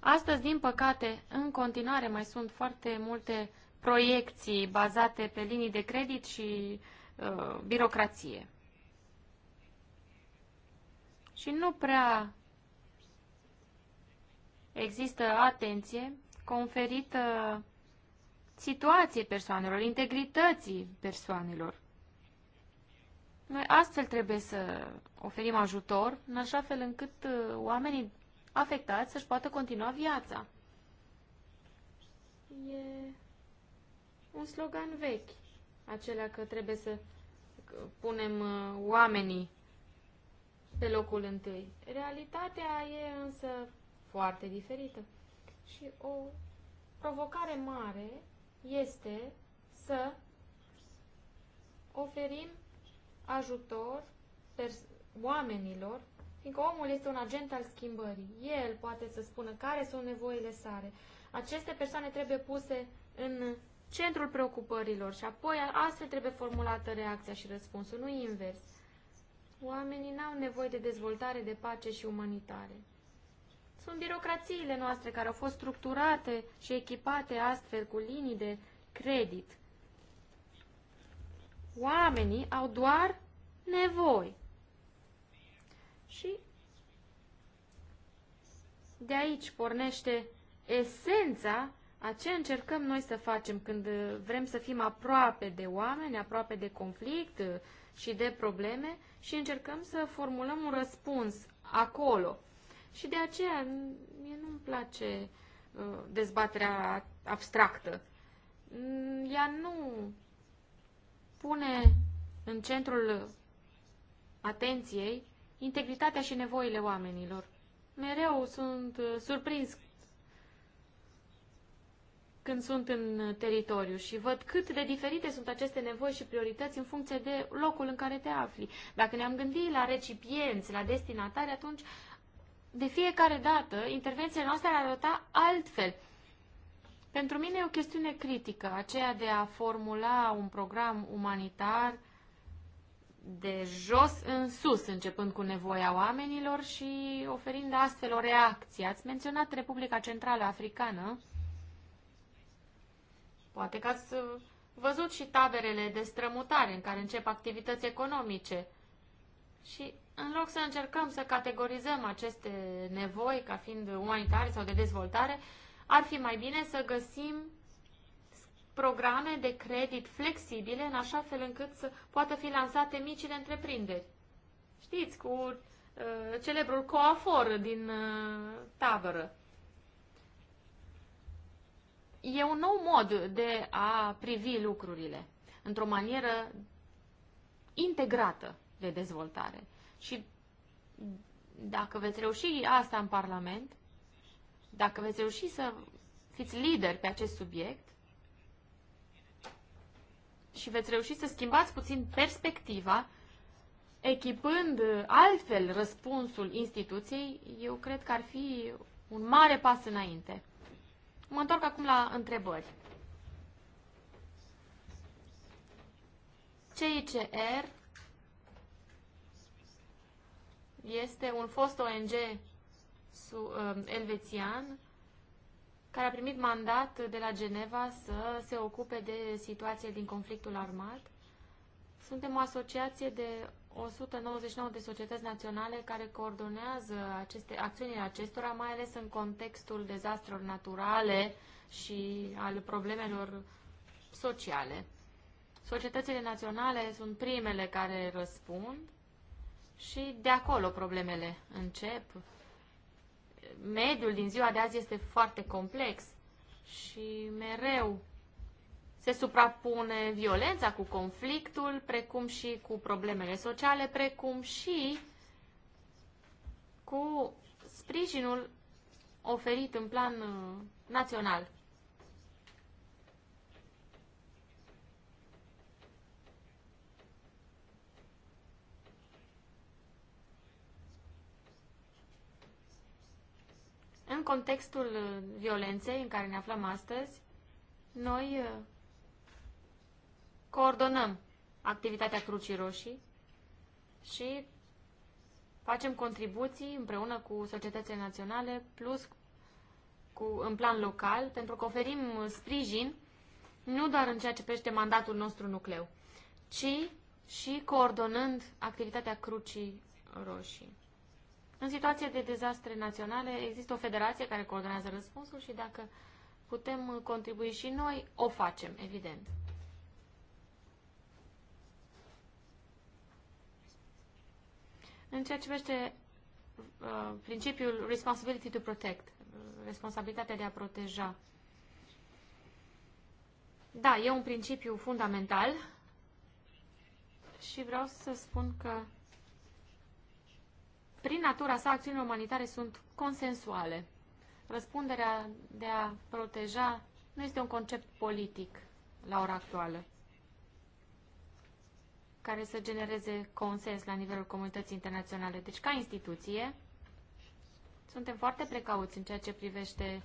Astăzi, din păcate, în continuare mai sunt foarte multe proiecții bazate pe linii de credit și uh, birocrație. Și nu prea există atenție conferită situației persoanelor, integrității persoanelor. Noi astfel trebuie să oferim ajutor, în așa fel încât uh, oamenii afectați să-și poată continua viața. E un slogan vechi, acela că trebuie să punem uh, oamenii pe locul întâi. Realitatea e însă foarte diferită. Și o provocare mare este să oferim ajutor oamenilor, fiindcă omul este un agent al schimbării. El poate să spună care sunt nevoile sale. Aceste persoane trebuie puse în centrul preocupărilor și apoi astfel trebuie formulată reacția și răspunsul, nu invers. Oamenii n-au nevoie de dezvoltare, de pace și umanitare. Sunt birocrațiile noastre care au fost structurate și echipate astfel cu linii de credit – Oamenii au doar nevoi. Și de aici pornește esența a ce încercăm noi să facem când vrem să fim aproape de oameni, aproape de conflict uh, și de probleme și încercăm să formulăm un răspuns acolo. Și de aceea mie nu-mi place uh, dezbaterea abstractă. Ea nu pune în centrul atenției integritatea și nevoile oamenilor. Mereu sunt uh, surprins când sunt în teritoriu și văd cât de diferite sunt aceste nevoi și priorități în funcție de locul în care te afli. Dacă ne-am gândit la recipienți, la destinatari, atunci de fiecare dată intervențiile noastre ar arăta altfel. Pentru mine e o chestiune critică, aceea de a formula un program umanitar de jos în sus, începând cu nevoia oamenilor și oferind astfel o reacție. Ați menționat Republica Centrală Africană. Poate că ați văzut și taberele de strămutare în care încep activități economice. Și în loc să încercăm să categorizăm aceste nevoi ca fiind umanitare sau de dezvoltare, ar fi mai bine să găsim programe de credit flexibile, în așa fel încât să poată fi lansate micile întreprinderi. Știți, cu uh, celebrul coafor din uh, tabără. E un nou mod de a privi lucrurile într-o manieră integrată de dezvoltare. Și dacă veți reuși asta în Parlament, dacă veți reuși să fiți lideri pe acest subiect și veți reuși să schimbați puțin perspectiva, echipând altfel răspunsul instituției, eu cred că ar fi un mare pas înainte. Mă întorc acum la întrebări. CICR este un fost ONG Um, elvețian care a primit mandat de la Geneva să se ocupe de situație din conflictul armat. Suntem o asociație de 199 de societăți naționale care coordonează aceste, acțiunile acestora, mai ales în contextul dezastrelor naturale și al problemelor sociale. Societățile naționale sunt primele care răspund și de acolo problemele încep mediul din ziua de azi este foarte complex și mereu se suprapune violența cu conflictul, precum și cu problemele sociale, precum și cu sprijinul oferit în plan uh, național În contextul uh, violenței în care ne aflăm astăzi, noi uh, coordonăm activitatea Crucii Roșii și facem contribuții împreună cu societățile naționale, plus cu, în plan local, pentru că oferim uh, sprijin nu doar în ceea ce pește mandatul nostru nucleu, ci și coordonând activitatea Crucii Roșii. În situație de dezastre naționale există o federație care coordonează răspunsul și dacă putem contribui și noi, o facem, evident. În ceea ce privește uh, principiul responsibility to protect, uh, responsabilitatea de a proteja. Da, e un principiu fundamental și vreau să spun că prin natura sa, acțiunile umanitare sunt consensuale. Răspunderea de a proteja nu este un concept politic la ora actuală care să genereze consens la nivelul comunității internaționale. Deci, ca instituție, suntem foarte precauți în ceea ce privește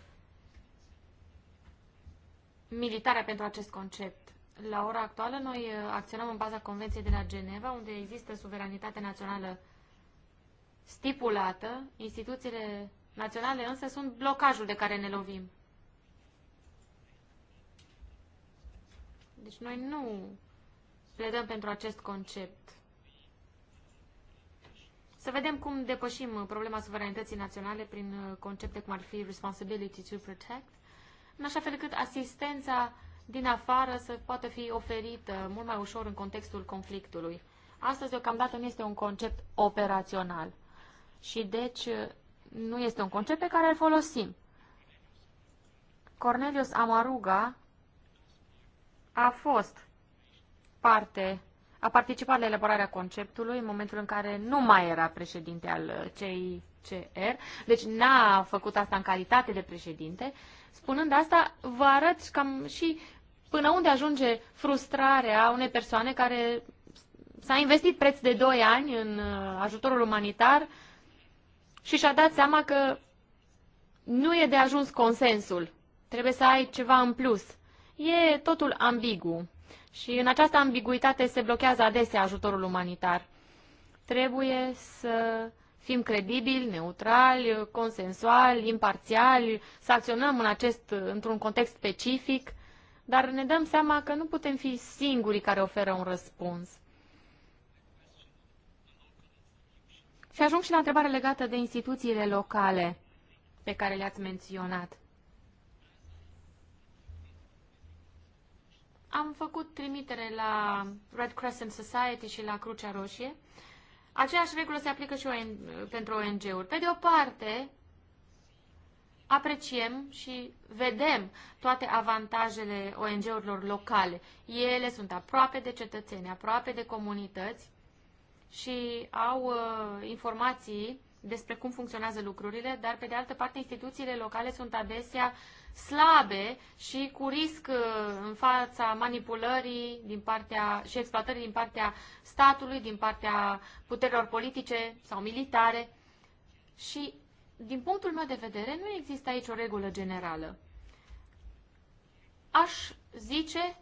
militarea pentru acest concept. La ora actuală, noi uh, acționăm în baza Convenției de la Geneva, unde există suveranitate națională stipulată, instituțiile naționale însă sunt blocajul de care ne lovim. Deci noi nu pledăm pentru acest concept. Să vedem cum depășim problema suveranității naționale prin concepte cum ar fi responsibility to protect, în așa fel cât asistența din afară să poată fi oferită mult mai ușor în contextul conflictului. Astăzi, deocamdată, nu este un concept operațional. Și deci nu este un concept pe care îl folosim. Cornelius Amaruga a fost parte, a participat la elaborarea conceptului în momentul în care nu mai era președinte al CICR, deci n-a făcut asta în calitate de președinte. Spunând asta, vă arăt cam și până unde ajunge frustrarea unei persoane care s-a investit preț de 2 ani în ajutorul umanitar, și și-a dat seama că nu e de ajuns consensul. Trebuie să ai ceva în plus. E totul ambigu. Și în această ambiguitate se blochează adesea ajutorul umanitar. Trebuie să fim credibili, neutrali, consensuali, imparțiali, să acționăm în acest, într-un context specific, dar ne dăm seama că nu putem fi singurii care oferă un răspuns. Și ajung și la întrebarea legată de instituțiile locale pe care le-ați menționat. Am făcut trimitere la Red Crescent Society și la Crucea Roșie. Aceeași regulă se aplică și pentru ONG-uri. Pe de o parte, apreciem și vedem toate avantajele ONG-urilor locale. Ele sunt aproape de cetățeni, aproape de comunități și au uh, informații despre cum funcționează lucrurile, dar pe de altă parte instituțiile locale sunt adesea slabe și cu risc uh, în fața manipulării din partea, și exploatării din partea statului, din partea puterilor politice sau militare. Și din punctul meu de vedere nu există aici o regulă generală. Aș zice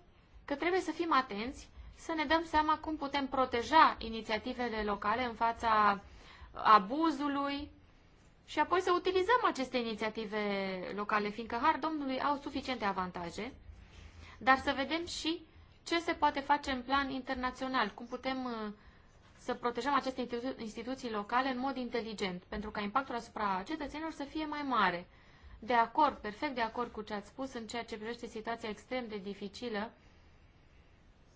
că trebuie să fim atenți să ne dăm seama cum putem proteja inițiativele locale în fața abuzului și apoi să utilizăm aceste inițiative locale, fiindcă, har Domnului, au suficiente avantaje, dar să vedem și ce se poate face în plan internațional, cum putem uh, să protejăm aceste institu- instituții locale în mod inteligent, pentru ca impactul asupra cetățenilor să fie mai mare. De acord, perfect de acord cu ce ați spus în ceea ce privește situația extrem de dificilă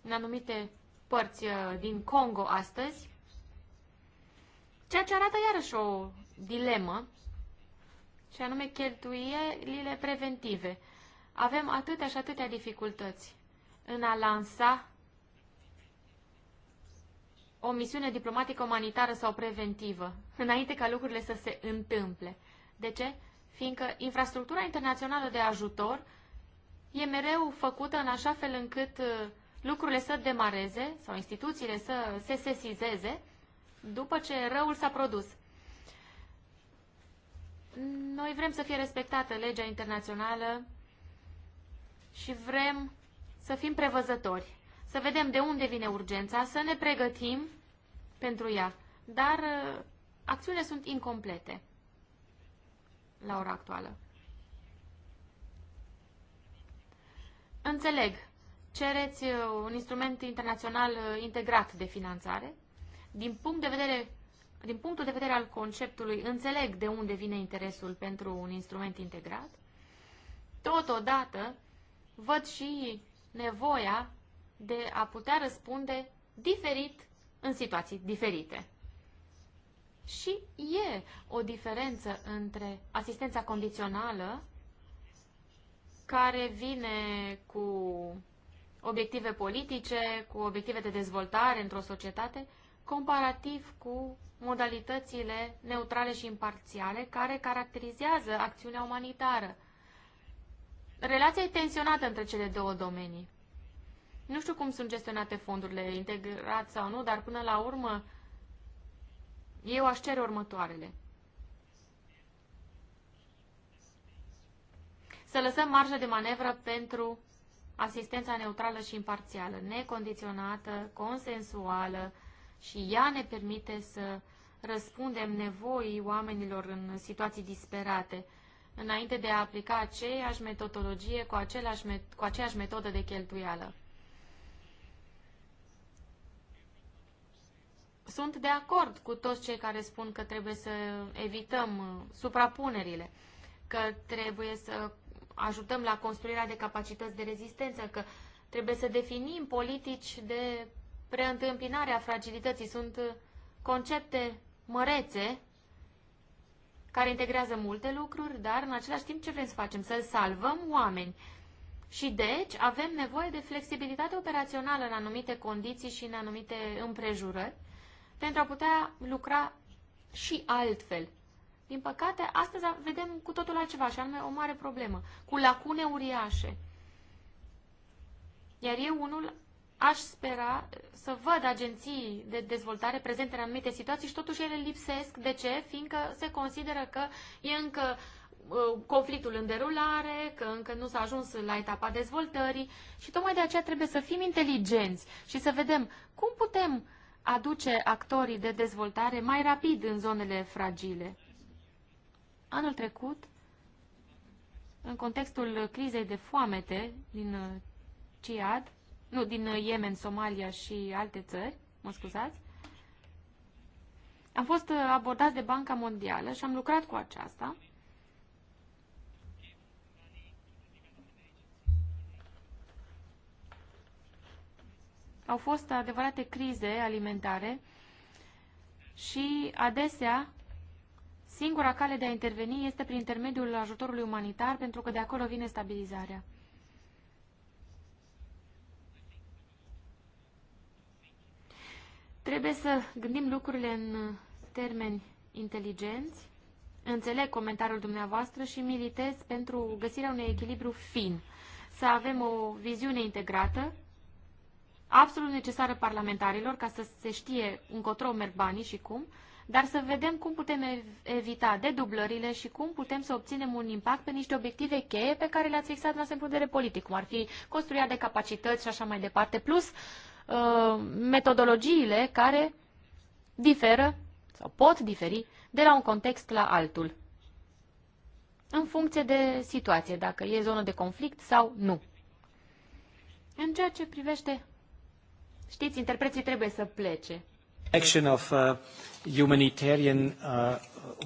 în anumite părți uh, din Congo astăzi, ceea ce arată iarăși o dilemă, și anume cheltuielile preventive. Avem atâtea și atâtea dificultăți în a lansa o misiune diplomatică, umanitară sau preventivă, înainte ca lucrurile să se întâmple. De ce? Fiindcă infrastructura internațională de ajutor e mereu făcută în așa fel încât uh, lucrurile să demareze sau instituțiile să se sesizeze după ce răul s-a produs. Noi vrem să fie respectată legea internațională și vrem să fim prevăzători, să vedem de unde vine urgența, să ne pregătim pentru ea. Dar uh, acțiunile sunt incomplete la ora actuală. Înțeleg cereți uh, un instrument internațional uh, integrat de finanțare. Din, punct de vedere, din punctul de vedere al conceptului, înțeleg de unde vine interesul pentru un instrument integrat. Totodată, văd și nevoia de a putea răspunde diferit în situații diferite. Și e o diferență între asistența condițională, care vine cu obiective politice, cu obiective de dezvoltare într-o societate, comparativ cu modalitățile neutrale și imparțiale care caracterizează acțiunea umanitară. Relația e tensionată între cele două domenii. Nu știu cum sunt gestionate fondurile, integrat sau nu, dar până la urmă eu aș cere următoarele. Să lăsăm marja de manevră pentru asistența neutrală și imparțială, necondiționată, consensuală și ea ne permite să răspundem nevoii oamenilor în situații disperate, înainte de a aplica aceeași metodologie cu, același, cu aceeași metodă de cheltuială. Sunt de acord cu toți cei care spun că trebuie să evităm uh, suprapunerile, că trebuie să ajutăm la construirea de capacități de rezistență, că trebuie să definim politici de preîntâmpinare a fragilității. Sunt uh, concepte mărețe care integrează multe lucruri, dar în același timp ce vrem să facem? Să salvăm oameni. Și deci avem nevoie de flexibilitate operațională în anumite condiții și în anumite împrejurări pentru a putea lucra și altfel. Din păcate, astăzi vedem cu totul altceva și anume o mare problemă, cu lacune uriașe. Iar eu unul aș spera să văd agenții de dezvoltare prezente în anumite situații și totuși ele lipsesc. De ce? Fiindcă se consideră că e încă uh, conflictul în derulare, că încă nu s-a ajuns la etapa dezvoltării și tocmai de aceea trebuie să fim inteligenți și să vedem cum putem aduce actorii de dezvoltare mai rapid în zonele fragile. Anul trecut, în contextul crizei de foamete din uh, Ciad, nu, din uh, Yemen, Somalia și alte țări, mă scuzați, am fost uh, abordat de Banca Mondială și am lucrat cu aceasta. Au fost adevărate crize alimentare și adesea Singura cale de a interveni este prin intermediul ajutorului umanitar, pentru că de acolo vine stabilizarea. Trebuie să gândim lucrurile în termeni inteligenți. Înțeleg comentariul dumneavoastră și militez pentru găsirea unui echilibru fin. Să avem o viziune integrată, absolut necesară parlamentarilor, ca să se știe încotro merg banii și cum, dar să vedem cum putem evita dedublările și cum putem să obținem un impact pe niște obiective cheie pe care le-ați fixat la vedere politic, cum ar fi construirea de capacități și așa mai departe, plus uh, metodologiile care diferă sau pot diferi de la un context la altul, în funcție de situație, dacă e zonă de conflict sau nu. În ceea ce privește, știți, interpreții trebuie să plece action of uh, humanitarian uh,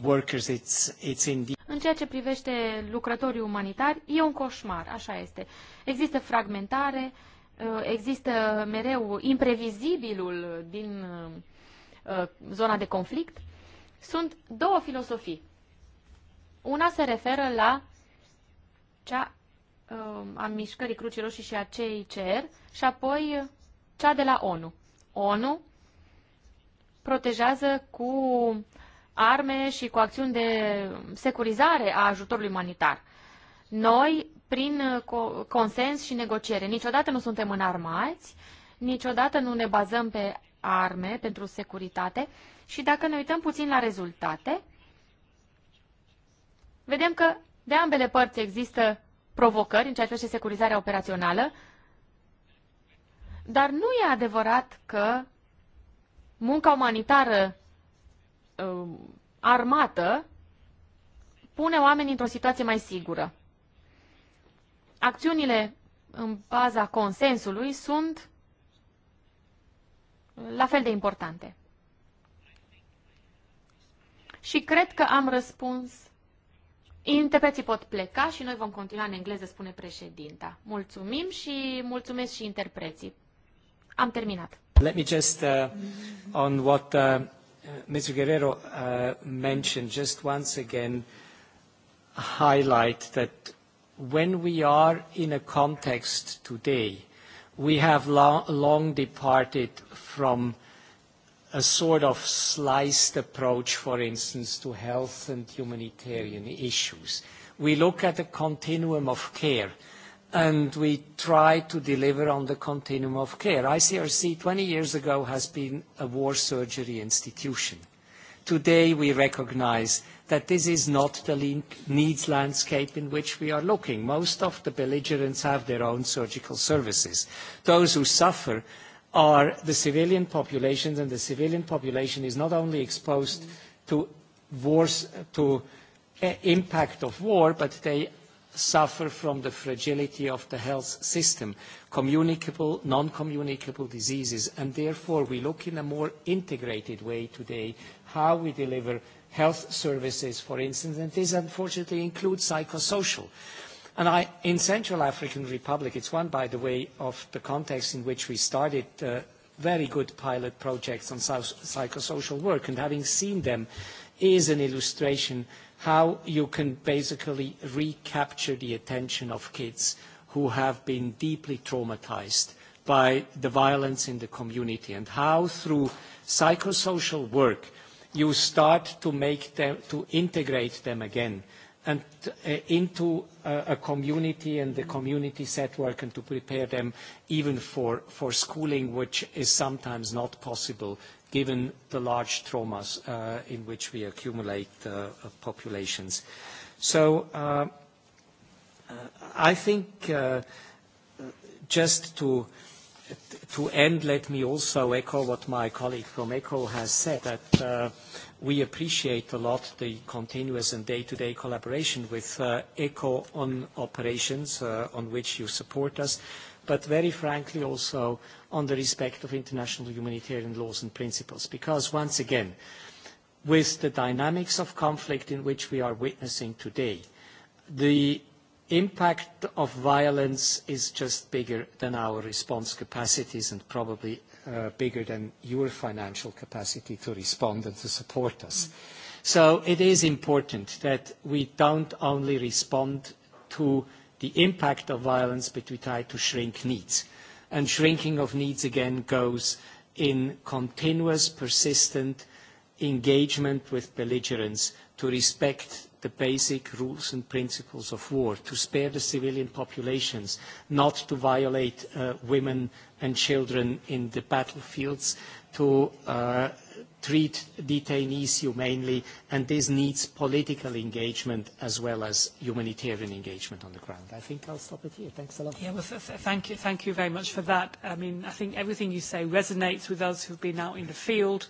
workers, it's, it's În ceea ce privește lucrătorii umanitari, e un coșmar, așa este. Există fragmentare, uh, există mereu imprevizibilul din zona de conflict. Sunt două filosofii. Una se referă la cea a mișcării Crucii Roșii și a CICR și apoi cea de la ONU. ONU protejează cu arme și cu acțiuni de securizare a ajutorului umanitar. Noi, prin consens și negociere, niciodată nu suntem înarmați, niciodată nu ne bazăm pe arme pentru securitate și dacă ne uităm puțin la rezultate, vedem că de ambele părți există provocări în ceea ce privește securizarea operațională, dar nu e adevărat că munca umanitară uh, armată pune oamenii într-o situație mai sigură. Acțiunile în baza consensului sunt la fel de importante. Și cred că am răspuns. Interpreții pot pleca și noi vom continua în engleză, spune președinta. Mulțumim și mulțumesc și interpreții. Am terminat. Let me just, uh, on what uh, Mr. Guerrero uh, mentioned, just once again highlight that when we are in a context today, we have lo long departed from a sort of sliced approach, for instance, to health and humanitarian issues. We look at a continuum of care and we try to deliver on the continuum of care. ICRC 20 years ago has been a war surgery institution. Today we recognize that this is not the needs landscape in which we are looking. Most of the belligerents have their own surgical services. Those who suffer are the civilian populations, and the civilian population is not only exposed to to eh, impact of war, but they suffer from the fragility of the health system, communicable, non-communicable diseases, and therefore we look in a more integrated way today how we deliver health services, for instance, and this unfortunately includes psychosocial. And I, in Central African Republic, it's one, by the way, of the context in which we started uh, very good pilot projects on psychosocial work, and having seen them is an illustration how you can basically recapture the attention of kids who have been deeply traumatized by the violence in the community and how through psychosocial work you start to make them, to integrate them again and uh, into uh, a community and the community set work and to prepare them even for, for schooling which is sometimes not possible given the large traumas uh, in which we accumulate uh, uh populations. So uh, uh I think uh, just to, to end, let me also echo what my colleague from ECHO has said, that we appreciate a lot the continuous and day-to-day -day collaboration with ECHO on operations on which you support us, but very frankly also on the respect of international humanitarian laws and principles. Because once again, with the dynamics of conflict in which we are witnessing today, the impact of violence is just bigger than our response capacities and probably uh, bigger than your financial capacity to respond and to support us. So it is important that we don't only respond to the impact of violence, but we try to shrink needs and shrinking of needs again goes in continuous, persistent engagement with belligerents to respect the basic rules and principles of war, to spare the civilian populations, not to violate uh, women and children in the battlefields, to uh, treat detainees humanely, and this needs political engagement as well as humanitarian engagement on the ground. I think I'll stop it here. Thanks a lot. Yeah, well, th thank you. Thank you very much for that. I mean, I think everything you say resonates with us who've been out in the field.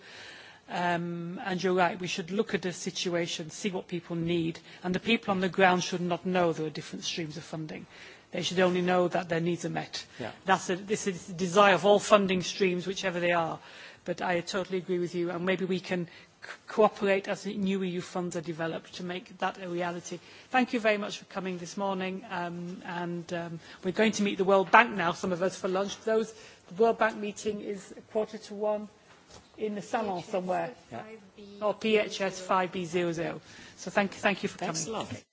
Um, and you're right, we should look at the situation, see what people need, and the people on the ground should not know there are different streams of funding. They should only know that their needs are met. Yeah. That's a, this is the desire of all funding streams, whichever they are But I totally agree with you, and maybe we can cooperate as new EU funds are developed to make that a reality. Thank you very much for coming this morning. Um, and um, we're going to meet the World Bank now, some of us, for lunch. Those, the World Bank meeting is a quarter to one in the salon PHS somewhere. Yeah. Or PHS 5B00. So thank, thank you for Thanks coming. lot.